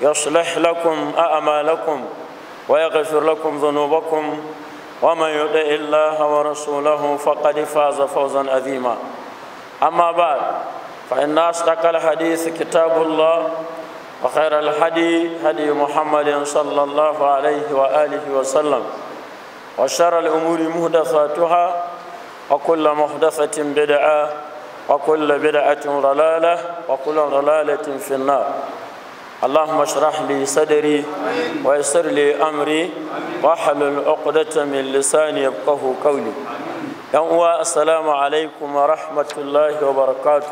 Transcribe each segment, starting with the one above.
يصلح لكم أعمالكم ويغفر لكم ذنوبكم ومن يطع الله ورسوله فقد فاز فوزا عظيما أما بعد فإن أصدق الحديث كتاب الله وخير الهدي هدي محمد صلى الله عليه وآله وسلم وشر الأمور محدثاتها وكل محدثة بدعة وكل بدعة ضلالة وكل ضلالة في النار اللهم اشرح لي صدري ويسر لي أمري واحلل عقدة من لساني يفقه قولي yan uwa assalamu alaikum wa rahmatullahi wa barakatu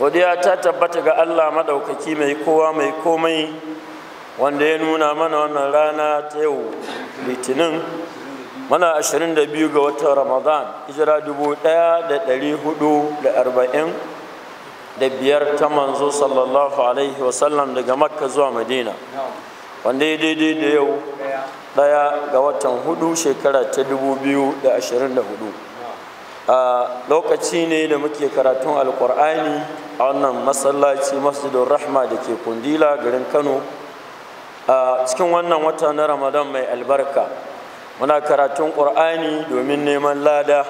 godiya ta tabbata ga allah maɗaukaki mai kowa mai komai wanda ya nuna mana wannan rana ta yau litinin da biyu ga watan ramadan hijira arba'in. da biyar ta manzo sallallahu alaihi wasallam daga makka zuwa madina wanda ya daidai da yau daya ga watan hudu shekara ta 2024 a lokaci ne da muke karatun alkur'ani a wannan masallaci masjidun rahma da ke kundila garin kano a cikin wannan wata na ramadan mai albarka muna karatun ƙur'ani domin neman lada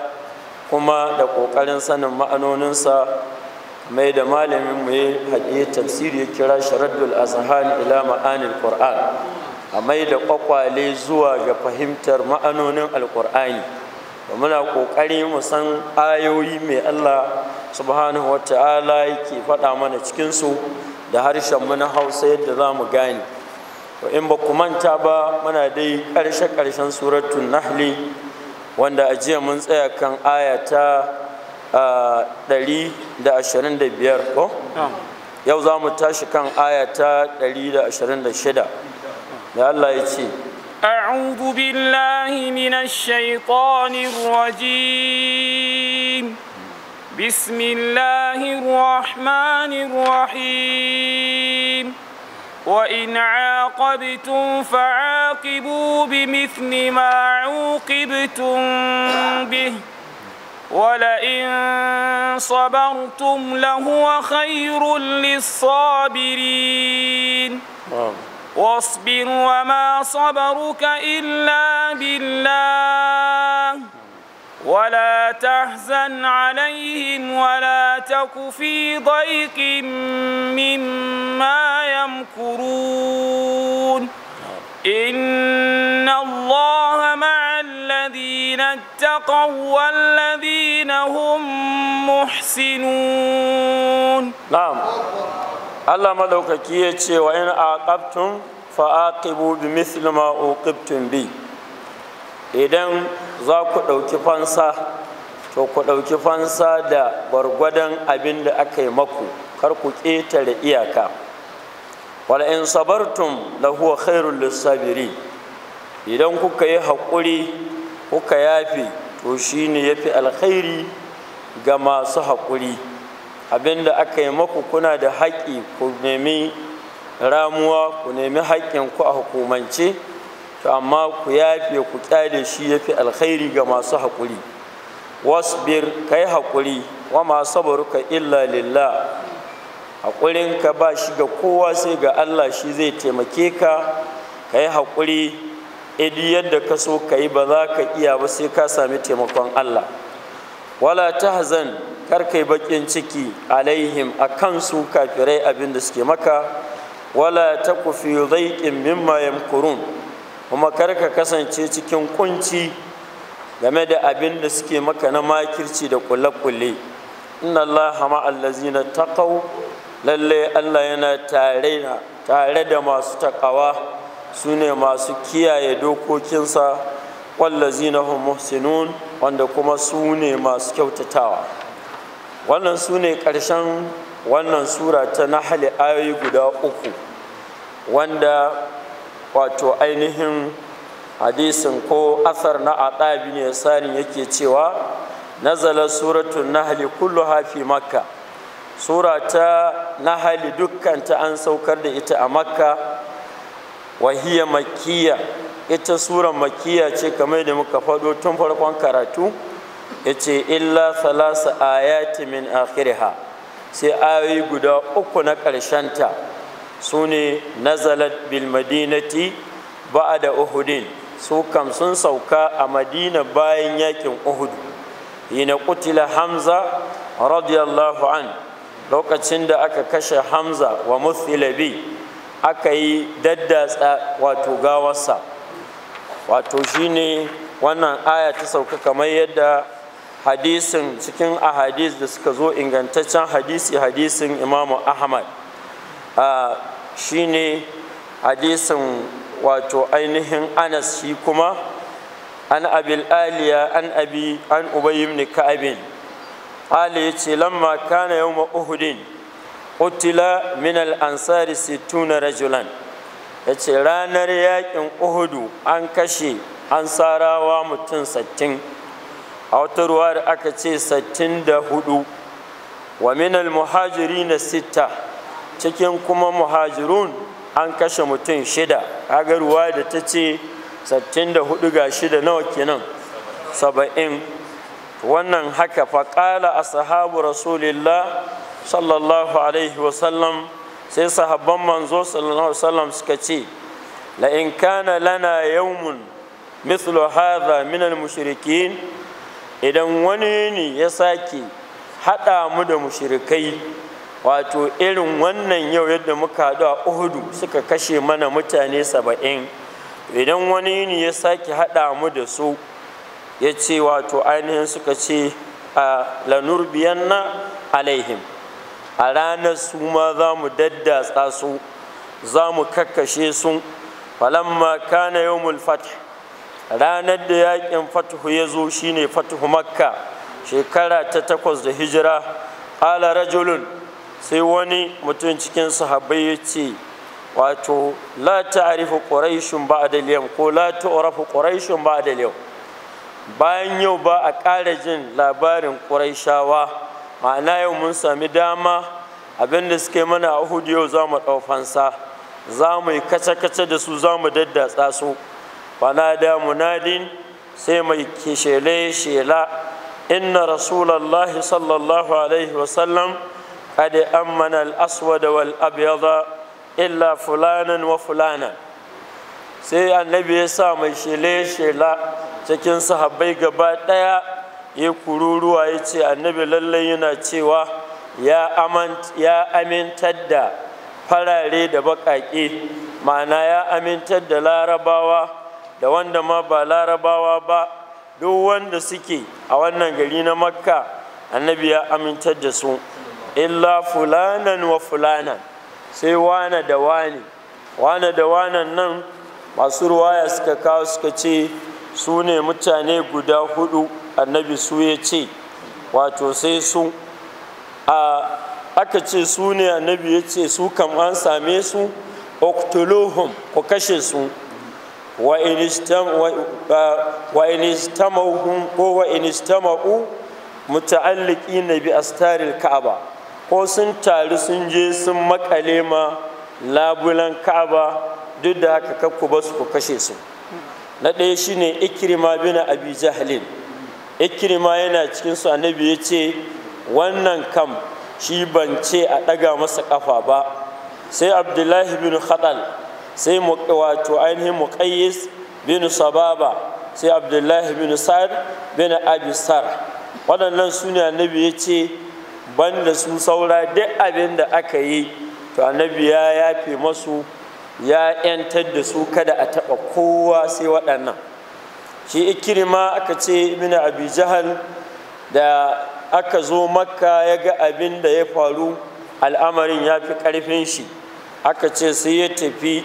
kuma da ƙoƙarin sanin ma'anoninsa mai da malamin mu ya tafsiri ya kira sharaddul azhan ila ma'anil qur'an a mai da kwakwale zuwa ga fahimtar ma'anonin Alƙur'ani, da muna kokari mu san ayoyi mai Allah subhanahu wata'ala yake faɗa mana cikin su da harshen mu na Hausa yadda za mu gane to in ba ku manta ba muna dai ƙarshe ƙarshen suratul nahli wanda a jiya mun tsaya kan aya 125 ko yau za mu tashi kan aya ta 126 da Allah ya ce أعوذ بالله من الشيطان الرجيم بسم الله الرحمن الرحيم وإن عاقبتم فعاقبوا بمثل ما عوقبتم به ولئن صبرتم لهو خير للصابرين واصبر وما صبرك إلا بالله ولا تحزن عليهم ولا تك في ضيق مما يمكرون إن الله مع الذين اتقوا والذين هم محسنون نعم الله ملوكك يتشي وإن عاقبتم فعاقبوا بمثل ما عوقبتم به idan za ku ɗauki fansa to ku ɗauki fansa da gwargwadon abin da aka yi maku kar ku ƙetare iyaka wala in sabartum la huwa khairul lisabiri idan kuka yi haƙuri kuka yafe to shi shine yafi alkhairi ga masu haƙuri abinda aka yi maku kuna da haƙi ku nemi ramuwa ku nemi ku a hukumance to amma ku yafe ku kyale shi yafi alkhairi ga masu haƙuri wasbir kai haƙuri wa ma ka illa lillah haƙurinka ba shi ga kowa sai ga Allah shi zai taimake ka kai haƙuri idi yadda ka so ka yi ba za ka iya ba sai ka sami taimakon Allah wala tahzan kar kayi bakin ciki alaihim kan su kafirai abin da suke maka wala ta fi zaikin mimma yamkurun kuma kar ka kasance cikin kunci game da abin da suke maka na makirci da kulle-kulle inna allah zina ta taqaw lalle Allah yana tare da masu taƙawa. su ne masu kiyaye dokokinsa wallazina hum muhsinun wanda kuma su ne masu kyautatawa wannan su ne ƙarshen wannan sura ta nahali ayoyi guda uku wanda wato ainihin hadisin ko asar na adabi ne sani yake cewa nazala suratun nahali kullu hafi makka sura ta nahali ta an saukar da ita a makka wahiya makiya ita suran makiya ce kamar da muka faɗo tun farkon karatu ya ce illa salasa ayati min akhiriha sai ayoyi guda uku na ƙarshenta su ne nazalat bil madinati da uhudin su kam sun sauka a madina bayan yakin uhud Yana kutila hamza radiyallahu an lokacin da aka kashe hamza wa muthilabi aka yi daddatsa wato gawarsa wato shine wannan aya ta sauka kamar yadda hadisin cikin ahadis da suka zo ingantaccen hadisi hadisin imamu ahmad shine hadisin wato ainihin anas shi kuma an abil aliya an abi an ubayi ibn ka'abin ya ce lamma kana yawma uhudin utila min Ansari ansari situna rajulan ya ce ranar yakin uhudu an kashe ansarawa mutum sattin a wata ruwa da aka ce sattin da hudu wa min muhajiri na sita cikin kuma muhajirun an kashe mutum shida kaga ruwa da ta ce sattin da hudu ga shida nawa kenan saba'in wannan haka faƙala a sahabu rasulillah sallallahu alaihi wasallam sai sahabban manzo sallallahu alaihi wasallam suka ce la in kana lana yawmun mithlu hadha min al-mushrikin idan wani ne ya sake hada mu da mushrikai wato irin wannan yau yadda muka haɗu a uhudu suka kashe mana mutane saba'in idan wani ne ya sake hada mu da su ya ce wato ainihin suka ce a lanurbiyanna alaihim a ranar su ma za mu daddatsa su za mu kakkashe su falamma kana yawmul fath ranar da yakin fatuhu ya zo shine fatuhu makka shekara ta takwas da hijira ala rajulun sai wani mutum cikin sahabbai ya ce wato la ta'rifu quraishun ba'da al ko la tu'rafu quraishun ba'da al bayan yau ba a ƙara jin labarin ƙuraishawa ma'ana yau mun sami dama abinda suke mana a hudu yau za mu ɗau za mu yi kace-kace da su za mu daddatsa su fana da munadin sai mai shele shela inna rasulallah sallallahu alaihi wasallam قد أمن الأسود illa إلا wa وفلانا sai annabi ya sa mai shele-shela cikin sahabbai gaba ɗaya ya kururuwa ya ce annabi lallai yana cewa ya amintar da farare da baƙaƙe ma'ana ya amintar da larabawa da wanda ma ba larabawa ba duk wanda suke a wannan gari na makka annabi ya amintar da su illa fulanan wa fulanan sai wane da wane wane da wanan nan masu ruwaya suka kawo suka ce su ne mutane guda hudu annabi su ya ce wato sai su a aka ce su ne annabi ya ce su kam an same su oktolohun ku kashe su wa inistamahun ko wa inistama'u muta'alliki na bi astaril ka'aba ko sun taru sun je sun makale ma labulan ka'aba duk da haka kakku ba su ku kashe su na ɗaya shine ikrima bin abi jahlin ikirma yana cikin su annabi ya ce wannan kam shi ban ce a ɗaga masa ƙafa ba sai abdullahi bin khadal sai wato ainihin muqayyis bin sababa sai abdullahi bin sa'ad bin abi sar waɗannan su ne annabi ya ce ban da su saura duk abin da aka yi to annabi ya yafe masu ya 'yantar da su kada a taɓa kowa sai waɗannan shi ikirima aka ce ibn abi jahal da aka zo makka ya ga abin da ya faru al'amarin ya fi ƙarfin shi aka ce sai ya tafi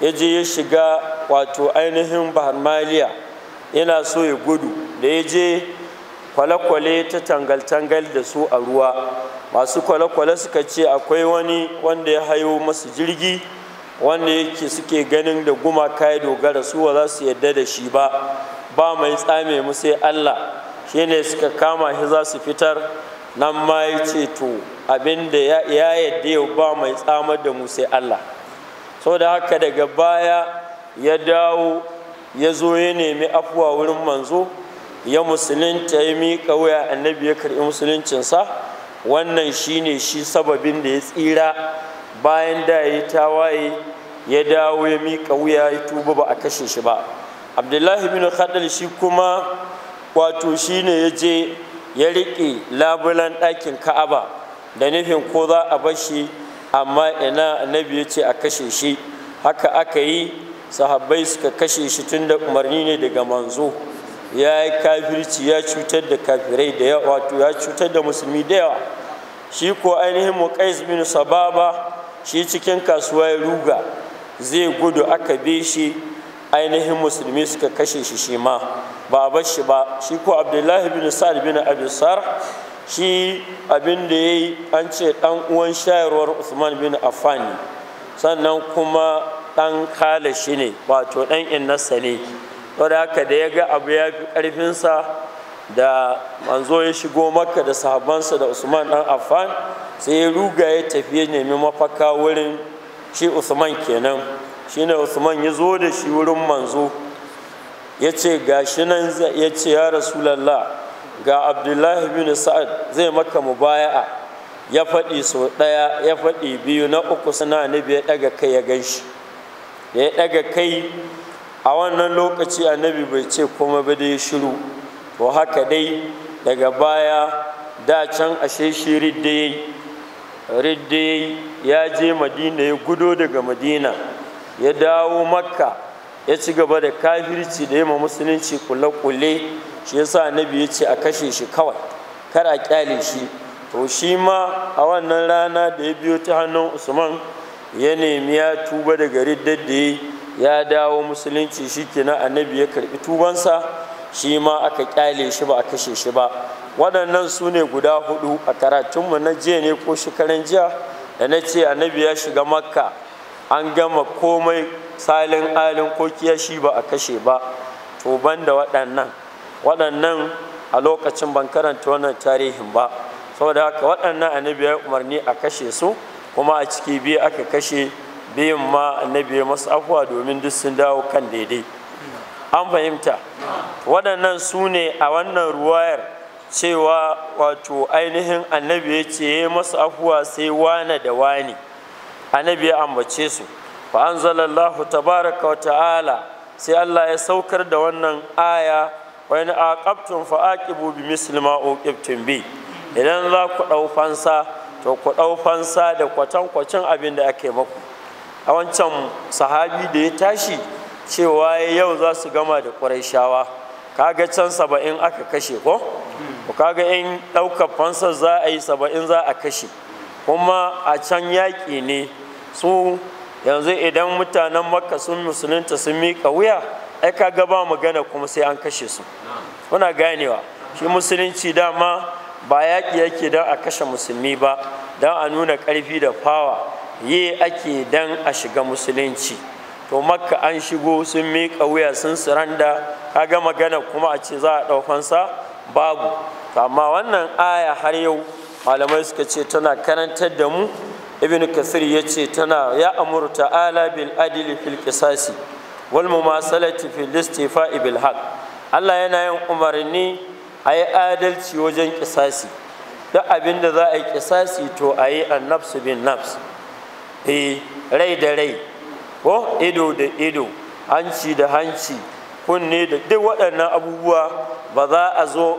ya je ya shiga wato ainihin bahamaliya yana so ya gudu da ya je kwale-kwale ta tangal-tangal da su a ruwa masu kwale-kwale suka ce akwai wani wanda ya hayo masu jirgi wanda yake suke ganin da gumaka ya dogara su ba za su yadda da shi ba ba mai tsame mu sai Allah shine suka kama shi za su fitar nan ma ya ce to abinda ya yadda yau ba mai tsamar da mu sai Allah da haka daga baya ya dawo ya zo ya nemi afuwa wurin manzo ya musulunta ya miƙa wuya annabi ya karɓi musuluncinsa wannan shine shi sababin da ya tsira bayan da ya yi tawaye ya dawo ya miƙa wuya ya tuba ba a kashe shi ba abdullahi bin khadal shi kuma wato shi ne ya je ya riƙe labulan ɗakin ka'aba da nufin ko za a bar shi amma ina annabi ya ce a kashe shi haka aka yi sahabbai suka kashe shi tun da umarni ne daga manzo ya yi kafirci ya cutar da kafirai da yawa wato ya cutar da musulmi da yawa shi ko ainihin muqais bin sababa shi cikin kasuwa ya ruga zai gudu aka bi shi ainihin musulmi suka kashe shi shi ma ba a bar shi ba shi ko abdullahi bin sa'ad bin abisar shi abin da ya yi an ce ɗan uwan shayarwar usman bin affan sannan kuma ɗan kala shi ne wato ɗan innasa ne wadda haka da ya ga abu ya fi ƙarfinsa da manzo ya shigo maka da sahabansa da usman ɗan affan sai ya ruga ya tafi ya nemi mafaka wurin shi usman kenan shine usman ya zo da shi wurin manzo ya ce ga shi nan ya ce ya rasulallah ga abdullahi bin sa'ad zai maka mubaya'a ya faɗi sau ɗaya ya faɗi biyu na uku suna annabi ya ɗaga kai ya gan shi da ya ɗaga kai a wannan lokaci annabi bai ce kuma ba dai shiru to haka dai daga baya da can ashe shi ridda ya je madina ya gudo daga madina ya dawo makka ya ci gaba da kafirci da yamma musulunci kulle-kulle shi sa annabi ya ce a kashe shi kawai kar a kyale shi to shi ma a wannan rana da ya biyo ta hannun usman ya nemi ya tuba da gari daddaye ya dawo musulunci shi kenan annabi ya karbi tubansa shi ma aka kyale shi ba a kashe shi ba waɗannan su ne guda hudu a karatunmu na jiya ne ko shekaran jiya da na ce annabi ya shiga makka an gama komai salin alin ko kiyashi ba a kashe ba to banda waɗannan waɗannan a lokacin ban karanta wannan tarihin ba saboda haka waɗannan annabi ya umarni a kashe su kuma a ciki biyu aka kashe biyun ma annabi ya masu afuwa domin duk sun dawo kan daidai an fahimta waɗannan su ne a wannan ruwayar cewa wato ainihin annabi ya ce ya masu afuwa sai wane da wane annabi ya ambace su fa anzalallahu tabaraka wa ta'ala sai Allah ya saukar da wannan aya wa in aqabtum fa aqibu bi misli ma uqibtum bi idan za ku dau fansa to ku dau fansa da kwatan kwacin abin da ake maku a wancan sahabi da ya tashi cewa yau za su gama da quraishawa kaga can saba'in aka kashe ko kaga in ɗaukar fansar za a yi saba'in za a kashe kuma a can yaƙi ne su yanzu idan mutanen makka sun musulunta sun miƙa wuya ai ka gaba magana kuma sai an kashe su muna ganewa shi musulunci dama ba yaƙi yake don a kashe musulmi ba don a nuna ƙarfi da fawa yi ake don a shiga musulunci to makka an shigo sun miƙa wuya sun suranda ga magana kuma a ce za a ɗaukansa babu amma wannan aya har yau malamai suka ce tana karantar da mu ibn kasir ya ce tana ya amurta, ta'ala bil adili fil qisasi wal mumasalati fil istifa'i bil haq Allah yana yin umarni a yi adalci wajen kisasi duk abin da za a yi kisasi to a yi annafsu bin nafs eh rai da rai ko ido da ido hanci da hanci kunne da duk waɗannan abubuwa ba za a zo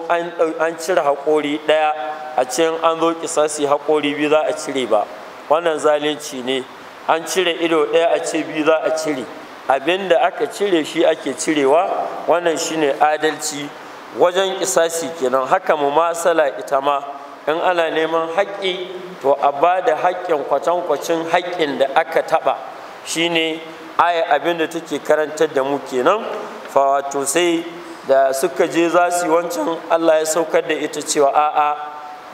an cire haƙori ɗaya a cikin an zo kisasi haƙori biyu za a cire ba wannan zalunci ne an cire ido ɗaya a ce biyu za a cire abin da aka cire shi ake cirewa wannan shine adalci wajen kisasi kenan haka mu masala ita ma in ana neman haƙƙi to a ba da haƙƙin kwacen-kwacin haƙƙin da aka taɓa shine aya abin da take karantar da mu kenan fa wato sai da suka je za su yi wancan Allah ya saukar da ita cewa a'a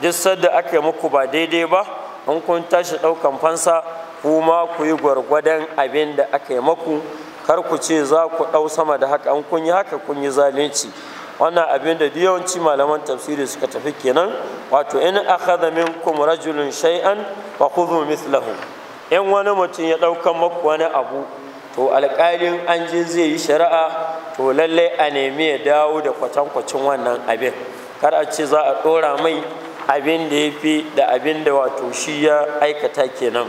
duk sadda aka yi muku ba daidai ba an kun tashi ɗaukan fansa kuma ku yi gwargwadon abin da aka yi maku kar ku ce za ku ɗau sama da haka an kun yi haka kun yi zalunci wannan abin da yawanci malaman tafsiri suka tafi kenan wato in akhadha minkum rajulun shay'an fa khudhu mithlahu in wani mutum ya ɗaukan maku wani abu to alƙalin an je zai yi shari'a to lallai a nemi ya dawo da kwatankwacin wannan abin kar a ce za a ɗora mai abin da ya fi da abin da wato shi ya aikata kenan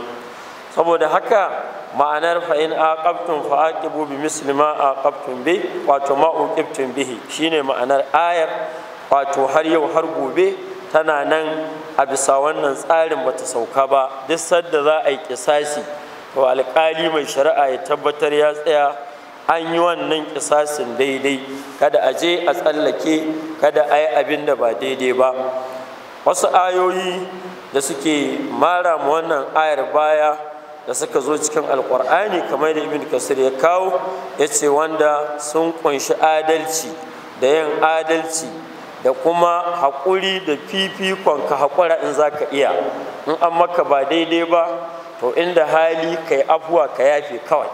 saboda haka ma'anar fa'in a fa aqibu bi musulma a ƙaftun bi wato ma uqibtum bihi shine ma'anar ayar wato har yau har gobe tana nan a bisa wannan tsarin bata sauka ba duk sadda za a yi ƙisasi wa alƙali mai shari'a ya tabbatar ya tsaya an yi wannan kisasin daidai kada a je a tsallake kada a yi abin da ba daidai ba wasu ayoyi da suke mara ma wannan ayar baya da suka zo cikin alƙur'ani kamar da ibn kasir ya kawo ya ce wanda sun ƙunshi adalci da yin adalci da kuma haƙuri da fifikon ka haƙura in za ka iya in an maka ba daidai ba to inda hali ka yi afuwa ka yafe kawai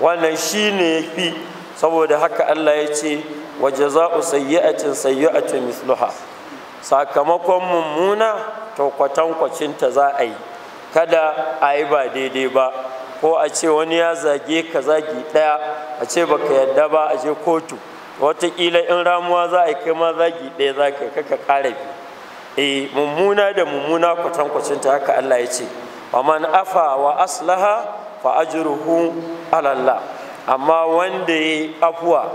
wannan shine ne fi saboda haka allah ya ce wa jaza'u sayyi'atin sayyi'atin misluha sakamakon mummuna to kwatankwacinta za a yi kada a yi ba daidai ba ko a ce wani ya zage ka zagi daya a ce baka yadda ba a je kotu wataƙila in ramuwa za a kai ma zagi ɗaya za ka kaka kara biyu eh, mummuna da mummuna kwatankwacinta haka allah ya ce wa man afa wa aslaha fa ajruhu ala Allah amma wanda yi afwa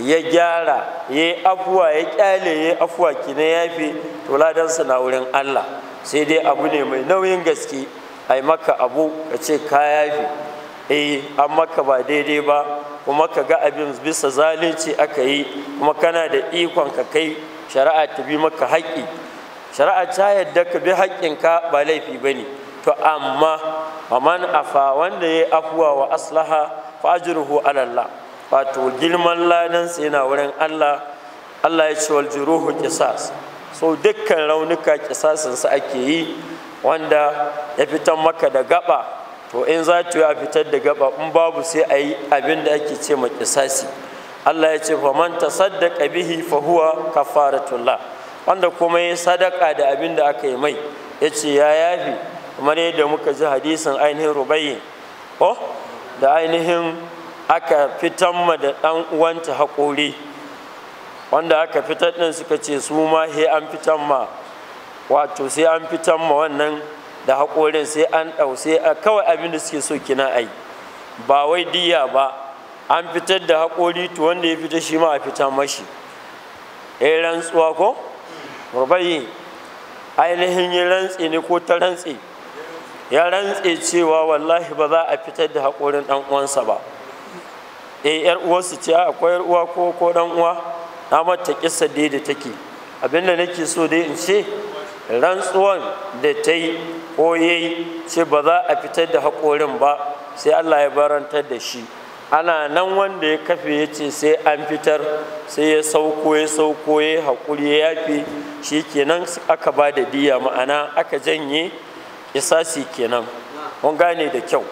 ya gyara yayi afuwa ya kyale yayi afwa kina yafi to ladan na wurin Allah sai dai abu ne mai nauyin gaske ai maka abu ka ce ka yafi eh an maka ba daidai ba kuma ka ga abin bisa zalunci aka yi kuma kana da ikon ka kai shari'a ta bi maka haƙƙi shari'a ta yadda ka bi haƙƙinka ba laifi ba ne to amma man afa wanda ya afuwa wa aslaha fa ajruhu ala Allah wato gilman ladan sai yana wurin Allah Allah ya ce wal juruhu qisas so dukkan raunuka qisasin sa ake yi wanda ya fitan maka da gaba to in za ta yi a fitar da gaba in babu sai a yi abin da ake ce ma kisasi Allah ya ce faman tasaddaqa bihi fa huwa kafaratullah wanda kuma ya sadaka da abin da aka yi mai ya ce ya yafi kamar yadda muka ji hadisin ainihin rubayi ko da ainihin aka fitan ma da ɗan uwanta haƙori wanda aka fitar din suka ce su ma he an fitan ma wato sai an fitan ma wannan da haƙorin sai an ɗau sai kawai abin da suke so kina ai ba wai diya ba an fitar da haƙori to wanda ya fita shi ma a fita mashi eh rantsuwa ko rubayi ainihin ya rantse ne ko ta rantse ya rantse cewa wallahi ba za a fitar da haƙorin ɗan uwansa ba eh yar uwarsu ce akwai yar uwa ko ko ɗan uwa na mata kissa dai da take abinda nake so dai in ce rantsuwan da ta yi ko yayi ce ba za a fitar da haƙorin ba sai Allah ya barantar da shi ana nan wanda ya kafe ya ce sai an fitar sai ya sauko ya sauko ya haƙuri ya yafe shi kenan aka ba da diya ma'ana aka janye isasi kenan mun gane da kyau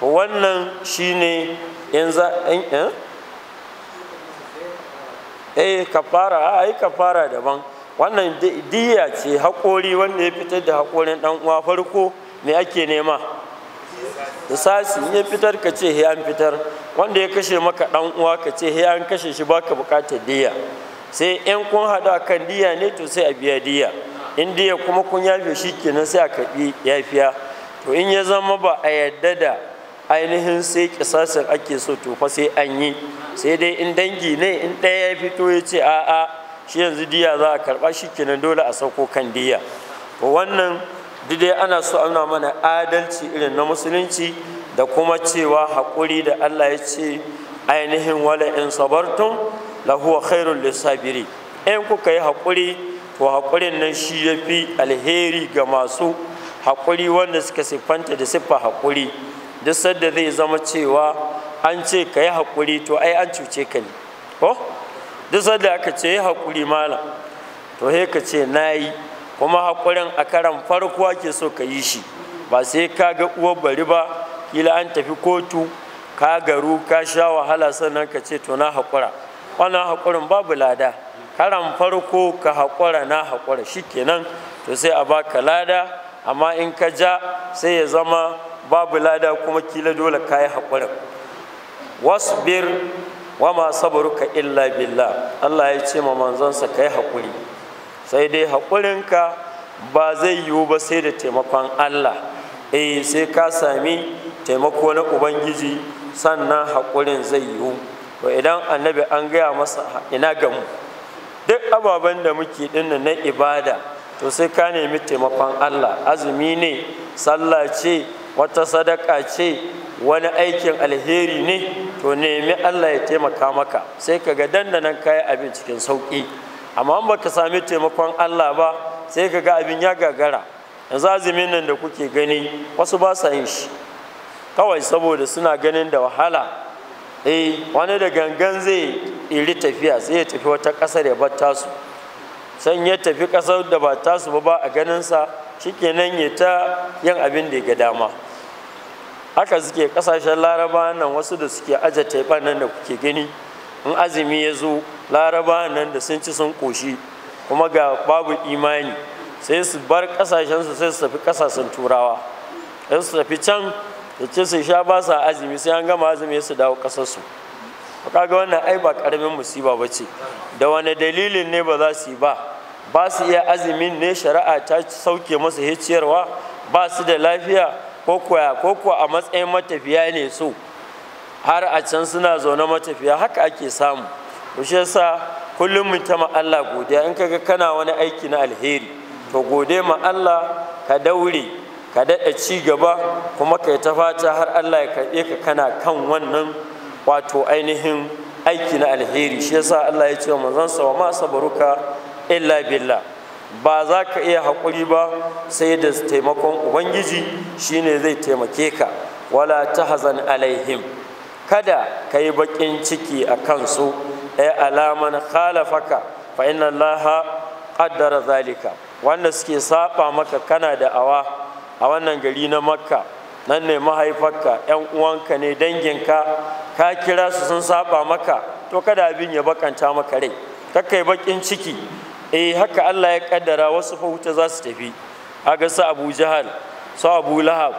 to wannan shine in za eh? eh kafara ai kafara daban wannan diya ce hakori wanda ya fitar da haƙorin dan uwa farko me ake nema isasi ya fitar ka ce he an fitar wanda ya kashe maka dan uwa ka ce he an kashe shi baka bukatar diya sai in kun haɗu kan diya ne to sai a biya diya in dai kuma kun yafe shi kenan sai a karɓi yafiya to in ya zama ba a yadda da ainihin sai kisasin ake so to fa sai an yi sai dai in dangi ne in ɗaya ya fito ya ce a'a shi yanzu diya za a karba shi kenan dole a sauko kan diya wannan dai ana so ana mana adalci irin na musulunci da kuma cewa haƙuri da Allah ya ce ainihin wala in sabartum lahu khairul lisabiri in kuka yi haƙuri to haƙurin nan shi ya fi alheri ga masu haƙuri wanda suka siffanta da siffa haƙuri duk sadda zai zama cewa an ce ka yi haƙuri to ai an cuce ka ne ko duk sadda aka ce yi haƙuri malam to he ka ce na yi kuma haƙurin a karan farko ake so ka yi shi ba sai ka ga uwar bari ba kila an tafi kotu ka garu ka sha wahala sannan ka ce to na haƙura wannan haƙurin babu lada karan farko ka haƙura na haƙura shikenan to sai a baka lada amma in ka ja sai ya zama babu lada kuma kila dole ka yi haƙurin wasbir wa ma sabaruka illa billah Allah ya ce ma manzansa ka yi haƙuri sai dai haƙurinka ba zai yiwu ba sai da taimakon Allah eh sai ka sami taimako na ubangiji sannan haƙurin zai yiwu to idan annabi an gaya masa ina ga mu. duk ababen da muke dinna na ibada to sai ka nemi taimakon Allah azumi ne sallah ce wata sadaka ce wani aikin alheri ne to nemi Allah ya taimaka maka sai kaga ga dandanan kayan abin cikin sauƙi amma in baka sami taimakon Allah ba sai ka ga abin ya gagara yanzu azumin nan da kuke gani wasu ba sa yin shi kawai saboda suna ganin da wahala eh wani da gangan zai iri tafiya sai ya tafi wata ƙasar ya bar tasu san ya tafi ƙasar da ba tasu ba ba a ganinsa shikenan ya ta yin abin da ya ga dama haka suke ƙasashen laraba nan wasu da suke aje taiban nan da kuke gani in azumi ya zo laraba nan da sun ci sun ƙoshi kuma ga babu imani sai su bar ƙasashensu sai su tafi ƙasashen turawa sai su tafi can da ce su sha ba sa azumi sai an gama azumi su dawo su kaga wannan ai ba karamin musiba ba ce da wani dalilin ne ba za su yi ba ba su iya azumin ne shari'a ta sauke masa hiciyarwa ba su da lafiya ko kuwa a matsayin matafiya ne so har a can suna zaune matafiya haka ake samu to shi kullum mu ta ma Allah godiya in kaga kana wani aiki na alheri to gode ma Allah ka daure ka daɗa ci gaba kuma ka yi ta fata har Allah ya karɓe ka kana kan wannan wato ainihin aiki na alheri shi yasa Allah ya ce wa manzansa wa ma sabaruka illa billah ba za ka iya haƙuri ba sai da taimakon ubangiji shine zai taimake ka wala tahzan alaihim kada ka yi baƙin ciki a kansu ɗaya alaman khalafaka fa inna allaha qaddara zalika wanda suke saba maka kana da awa a wannan gari na makka nan ne mahaifarka yan uwanka ne danginka ka kira su sun saba maka to kada abin ya bakanta maka rai kakai bakin ciki eh haka Allah ya kaddara wasu fa wuta za su tafi ga su Abu Jahal su Abu Lahab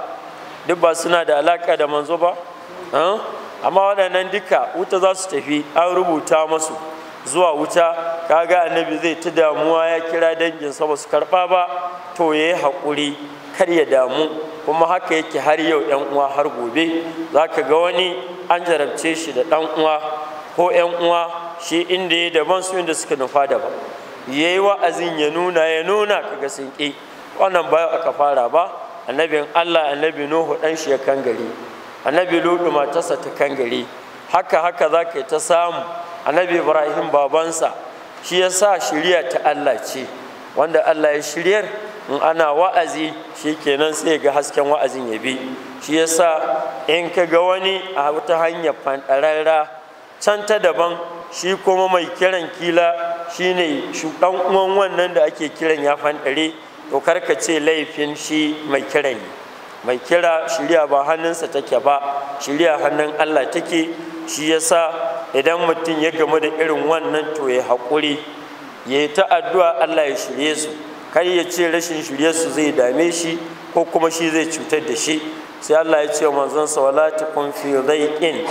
duk ba suna da alaka da manzo ba amma waɗannan duka wuta za su tafi an rubuta masu zuwa wuta kaga annabi zai ta damuwa ya kira dangin ba su karɓa ba to ya yi haƙuri kar ya damu kuma haka yake har yau yan uwa har gobe za ka ga wani an jarabce shi da dan uwa ko yan uwa shi inda ya daban su inda suka nufa daban yi wa'azin ya nuna ya nuna ka ga sun ƙi wannan ba aka fara ba annabin Allah annabi Nuhu ɗanshi shi ya kangare annabi Lutu matarsa ta kangare haka haka za ka yi ta samu annabi Ibrahim babansa shi ya sa shiriya ta Allah ce wanda Allah ya shiryar in ana wa'azi shikenan sai ga hasken wa'azin ya bi shi yasa in ka ga wani a wata hanyar fanɗararra can ta daban shi kuma mai kiran kila shine ɗan uwan wannan da ake kiran ya fanɗare to karka ce laifin shi mai kiran mai kira shirya ba hannunsa take ba shirya hannun Allah take shi yasa idan mutum ya gamu da irin wannan to ya haƙuri ya yi ta addu'a Allah ya shirye su kar ya ce rashin shiryarsu zai dame shi ko kuma shi zai cutar da shi sai Allah ya ce wa sa wala takun fi dhaiqin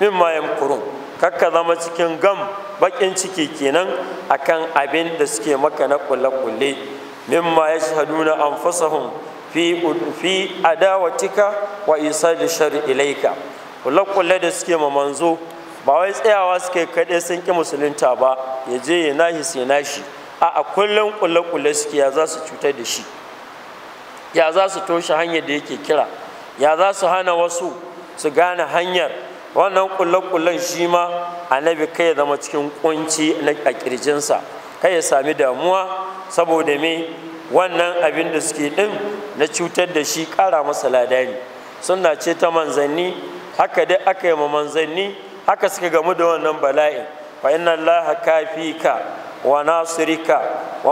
mimma yamkurun kakka zama cikin gam bakin ciki kenan akan abin da suke maka na kulle kulle mimma yashhaduna anfusahum fi fi adawatika wa isadi shar ilaika kulle kulle da suke ma manzo ba wai tsayawa suke kaɗai sun ƙi musulunta ba ya je ya nahi sai nashi a kullum kulle-kulle suke ya za su cutar da shi ya za su toshe hanyar da yake kira ya za su hana wasu su gane hanyar wannan kulle-kullen shi ma annabi kai ya zama cikin kunci a kirjinsa kai ya sami damuwa saboda me wannan abin da suke din na cutar da shi kara masa ladani Suna ce ta manzanni haka dai aka yi ma manzanni haka suka gamu da wannan bala'in fa inna allaha kafika Wa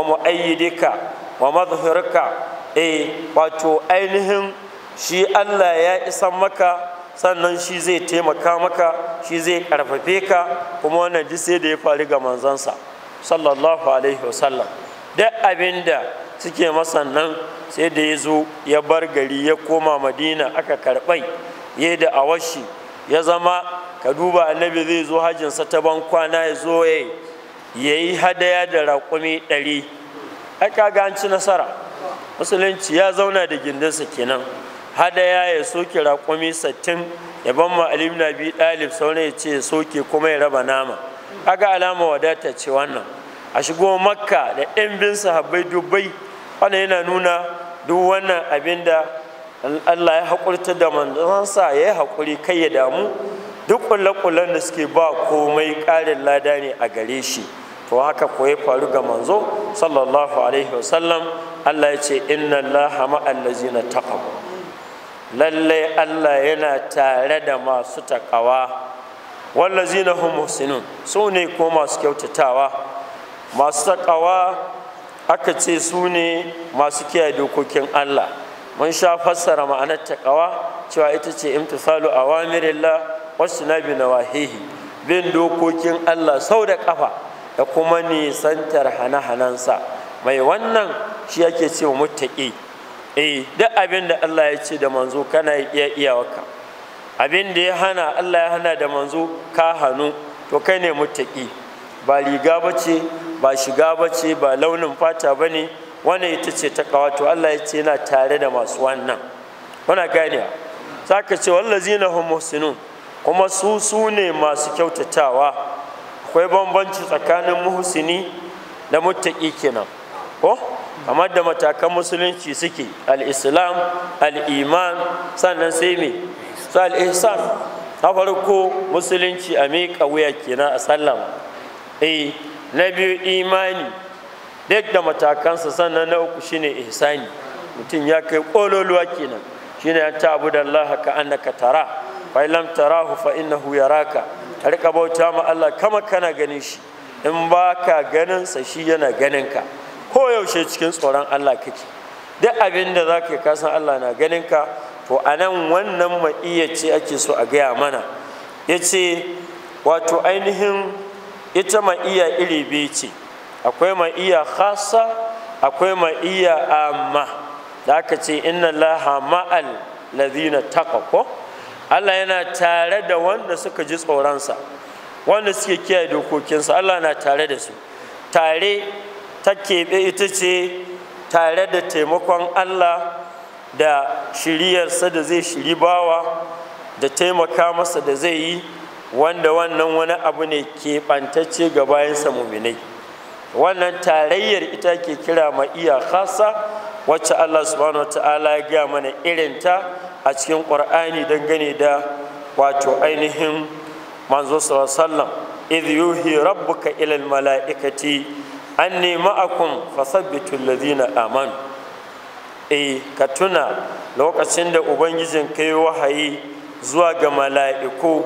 mu'ayyidika wa madhhirika eh wato ainihin shi Allah ya isa maka sannan shi zai taimaka maka shi zai karfafe ka kuma wannan duk sai da ya faru ga manzansa sallallahu alaihi wasallam duk abinda suke masa nan sai da ya zo ya bar gari ya koma madina aka karɓai ya da awashi ya zama ka duba annabi zai zo hajjinsa ta ban kwana ya zo ya eh, ya yi hadaya da raƙumi ɗari aka ganci nasara musulunci ya zauna da gindinsa kenan hadaya ya soke raƙumi sattin ya ban ma na biyu ɗalib sauran ya ce ya soke kuma ya raba nama aga alama wadata ce wannan a shigo makka da ɗimbin sahabbai dubbai wanda yana nuna duk wannan abin da allah ya haƙurta da manzansa ya yi haƙuri kai ya damu duk ƙulle-ƙullen da suke ba komai ƙarin lada ne a gare shi to haka ko ya faru ga manzo sallallahu alaihi wasallam Allah ya ce inna allaha ma'al ladzina taqaw lalle Allah yana tare da masu takawa wallazina hum muhsinun su ne ko masu kyautatawa masu takawa aka ce sune masu kiyaye dokokin Allah mun sha fassara ma'anar takawa cewa ita ce imtisalu awamirillah wasu nabi nawahihi bin dokokin Allah sau da kafa da kuma nisantar hana-hanansa mai wannan shi yake ce wa mutaƙi eh duk abin da Allah ya ce da manzo kana iya waka abin da ya hana Allah ya hana da manzo ka hannu to kai ne mutaƙi ba riga ba ce ba shiga ba ce ba launin fata ba ne Wani ita ce ta kawato Allah ya ce yana tare da masu wannan wana ganewa za ka ce wallazina na kuma su su ne masu kyautatawa akwai bambanci tsakanin muhusini da muttaki kenan ko kamar da matakan musulunci suke al-islam al-iman sannan sai me sai al-ihsan na farko musulunci a miƙa wuya kenan a sallama eh na biyu imani duk da matakansa sannan na uku shine ihsani mutum ya kai ƙololuwa kenan shine ya ta abu da Allah ka annaka tara fa lam tarahu fa innahu yaraka ka rika bauta ma Allah kama kana ganin shi in ba ka ganin sa shi yana ganin ka ko yaushe cikin tsoron Allah kake duk abin da za ka yi kasan Allah na ganin ka to a nan wannan ma'iya ce ake so a gaya mana ya ce wato ainihin ita ma'iya iri biyu ce akwai ma'iya khasa akwai ma'iya amma da aka ce inna laha ma'al ladhina taqwa Allah yana tare da wanda suka ji tsoronsa wanda suke kiyaye dokokinsa Allah na tare da su tare ta keɓe ita ce tare da taimakon Allah da shiriyarsa da zai shiri bawa da taimaka masa da zai yi wanda wannan wani abu ne keɓantacce ga bayansa muminai wannan tarayyar ita ke kira ma iya khasa wacce Allah subhanahu wa ta'ala ya gaya mana irinta a cikin ƙwar'ani dangane da wato ainihin manzo sallam idh yuhi rabbuka ila mala'ikati anni ma'akum fasabbitu alladhina amanu eh ka tuna lokacin da ubangijin kai wahayi zuwa ga mala'iku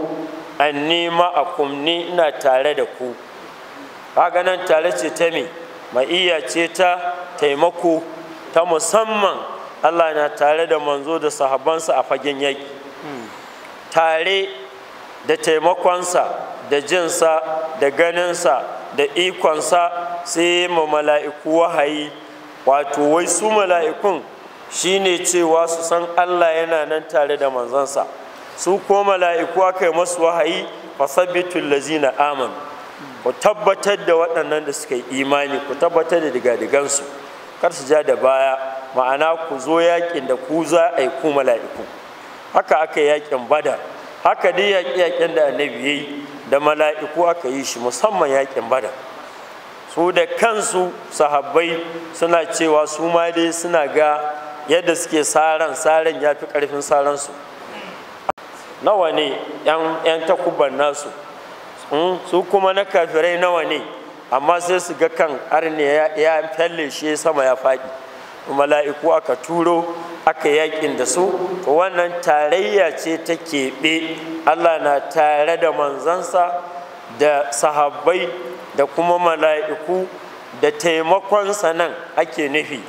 anni ma'akum ni ina tare da ku kaga nan tare ce ta me ma'iyya ce ta taimako ta musamman Allah na tare da manzo da sahabansa a fagen yaƙi hmm. tare da taimakonsa da jinsa da ganinsa da ikonsa sai ma mala'iku wahayi wato wai su mala'ikun shine cewa su san Allah yana nan tare da manzansa su ko mala'iku aka yi masu wahayi fasabbitul lazina aman ku tabbatar da waɗannan da suka yi imani ku tabbatar da diga-digansu kar su ja da baya ma'ana ku zo yakin da ku za a yi ku mala'iku haka aka yi yakin badar haka dai yaƙi yaƙin da annabi ya da mala'iku aka yi shi musamman yakin bada. su da kansu sahabbai suna cewa su ma dai suna ga yadda suke saran saran ya fi ƙarfin saransu nawa ne 'yan takuban nasu hmm, su kuma na kafirai nawa ne amma sai su ga kan arne ya fyalle shi sama ya faɗi mala'iku aka turo aka yakin da su wannan tarayya ce ta keɓe allah na tare da manzansa da sahabbai da kuma mala'iku da taimakonsa nan ake nufi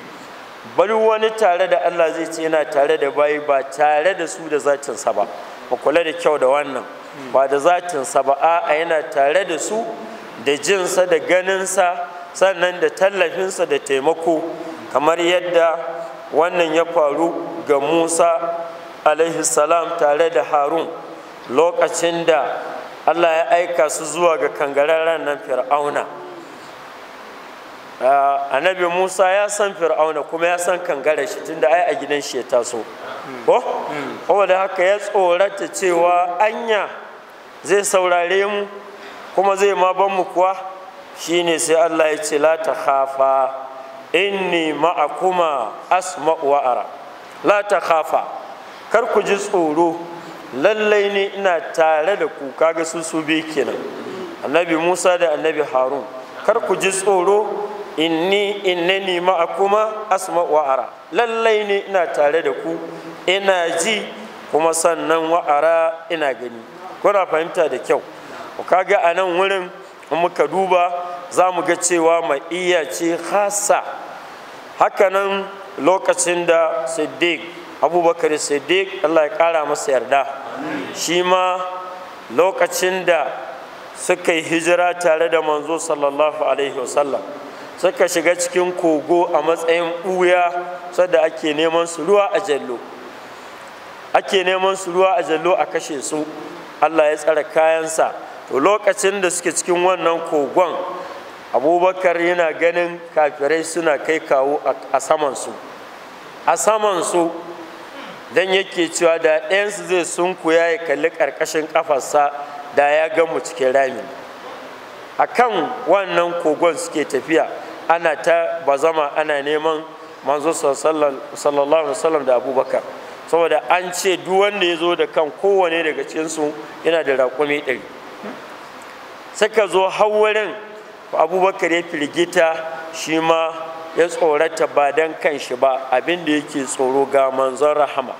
bari wani tare da allah zai ce yana tare da bayi ba tare da su da zatinsa ba ba kula da kyau da wannan ba da zatinsa ba a yana tare da su da jinsa da ganinsa sannan da tallafinsa da taimako kamar yadda wannan ya faru ga musa salam tare da harun lokacin da allah ya aika su zuwa ga kangararren ranar fir'auna annabi musa ya san fir'auna kuma ya san kangarar shi tunda ai a gidan shi ya taso ko saboda haka ya tsorata cewa anya zai saurare mu kuma zai ma ban mu kuwa shine sai allah ya ce la ta khafa inni ma'akuma asma'u wa ara la takhafa kar ku ji tsoro lallai ne ina tare da ku kaga su su bi kenan annabi Musa da annabi Harun kar ku ji tsoro inni innani ma'akuma asma'u wa ara lallai ne ina tare da ku ina ji kuma sannan wa'ara ina gani kuna fahimta da kyau kaga a nan wurin muka duba za mu ga cewa mai iya ce hasa hakanan lokacin da siddiq abubakar siddiq allah ya kara masa yarda shi ma lokacin da suka yi hijira tare da manzo sallallahu alaihi wasallam suka shiga cikin kogo a matsayin ɓuya sadda ake neman su ruwa a jallo ake neman su ruwa a jallo a kashe su allah ya tsara kayansa to lokacin da suke cikin wannan kogon abubakar yana ganin kafirai suna kai kawo a samansu a samansu don yake cewa da ɗayansu zai kuya ya kalli ƙarƙashin ƙafarsa da ya gamu cikin rami a kan wannan kogon suke tafiya ana ta bazama ana neman manzo sallallahu alaihi da abubakar saboda an ce duk wanda ya zo da kan kowane daga cikinsu yana da raƙumi ɗari suka zo hawurin abubakar ya firgita shi ma ya tsorata ba don shi ba abinda yake tsoro ga manzon rahama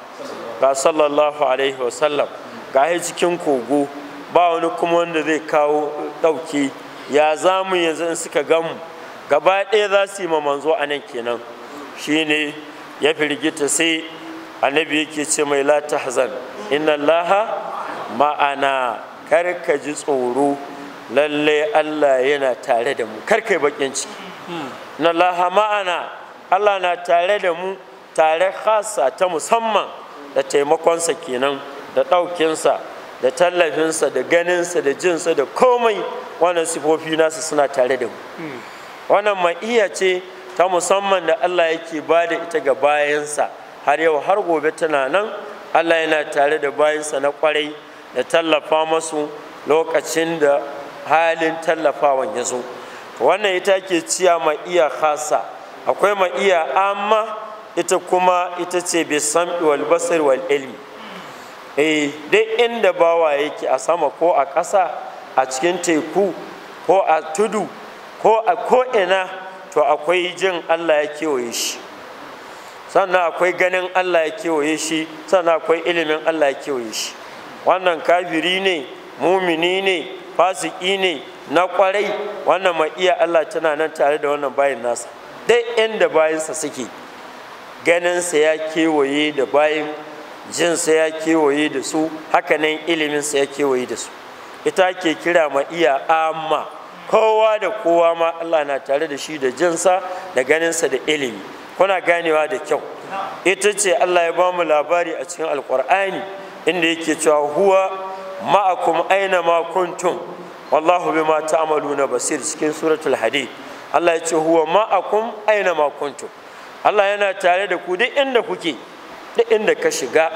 ga sallallahu alaihi wasallam ga cikin kogo ba wani kuma wanda zai kawo ɗauki. ya zamu yanzu in suka gamu gaba ɗaya za su yi ma manzo a nan kenan Shi ne ya firgita sai annabi yake ce mai la tahzan inna allaha ma'ana kar ka ji tsoro Lallai Allah yana tare da mu karkai bakin ciki na lahama'ana Allah na tare da mu tare khasa ta musamman da taimakonsa kenan da ɗaukinsa da tallafinsa da ganinsa da jinsa da komai wannan sifofi nasu suna tare da mu wannan mai ma'iya ce ta musamman da Allah yake ba da ita ga bayansa har yau har gobe tana nan Allah yana tare da bayansa na kwarai da tallafa masu lokacin da halin tallafawa ya zo wannan ita ke ciya ma iya khasa akwai ma iya amma ita kuma ita ce bi sam'i wal basir wal ilmi eh dai inda bawa yake a sama ko a ƙasa a cikin teku ko a tudu ko a ko'ina to akwai jin allah ya kewaye shi sannan akwai ganin allah ya kewaye shi sannan akwai ilimin allah ya kewaye shi wannan kafiri ne mumini ne fasiki ne na kwarai wannan ma iya Allah tana nan tare da wannan bayin nasa dai inda bayansa suke ganinsa ya kewaye da bayin jinsa ya kewaye da su hakanan iliminsa ya kewaye da su ita ke kira ma iya amma kowa da kowa ma Allah na tare da shi da jinsa da ganinsa da ilimi kuna ganewa da kyau ita ce Allah ya ba mu labari a cikin alkur'ani inda yake cewa huwa ma'akum aina ma kuntum wallahu bima ta'maluna basir cikin suratul hadid Allah ya ce huwa ma'akum aina ma kuntum Allah yana tare da ku duk inda kuke duk inda ka shiga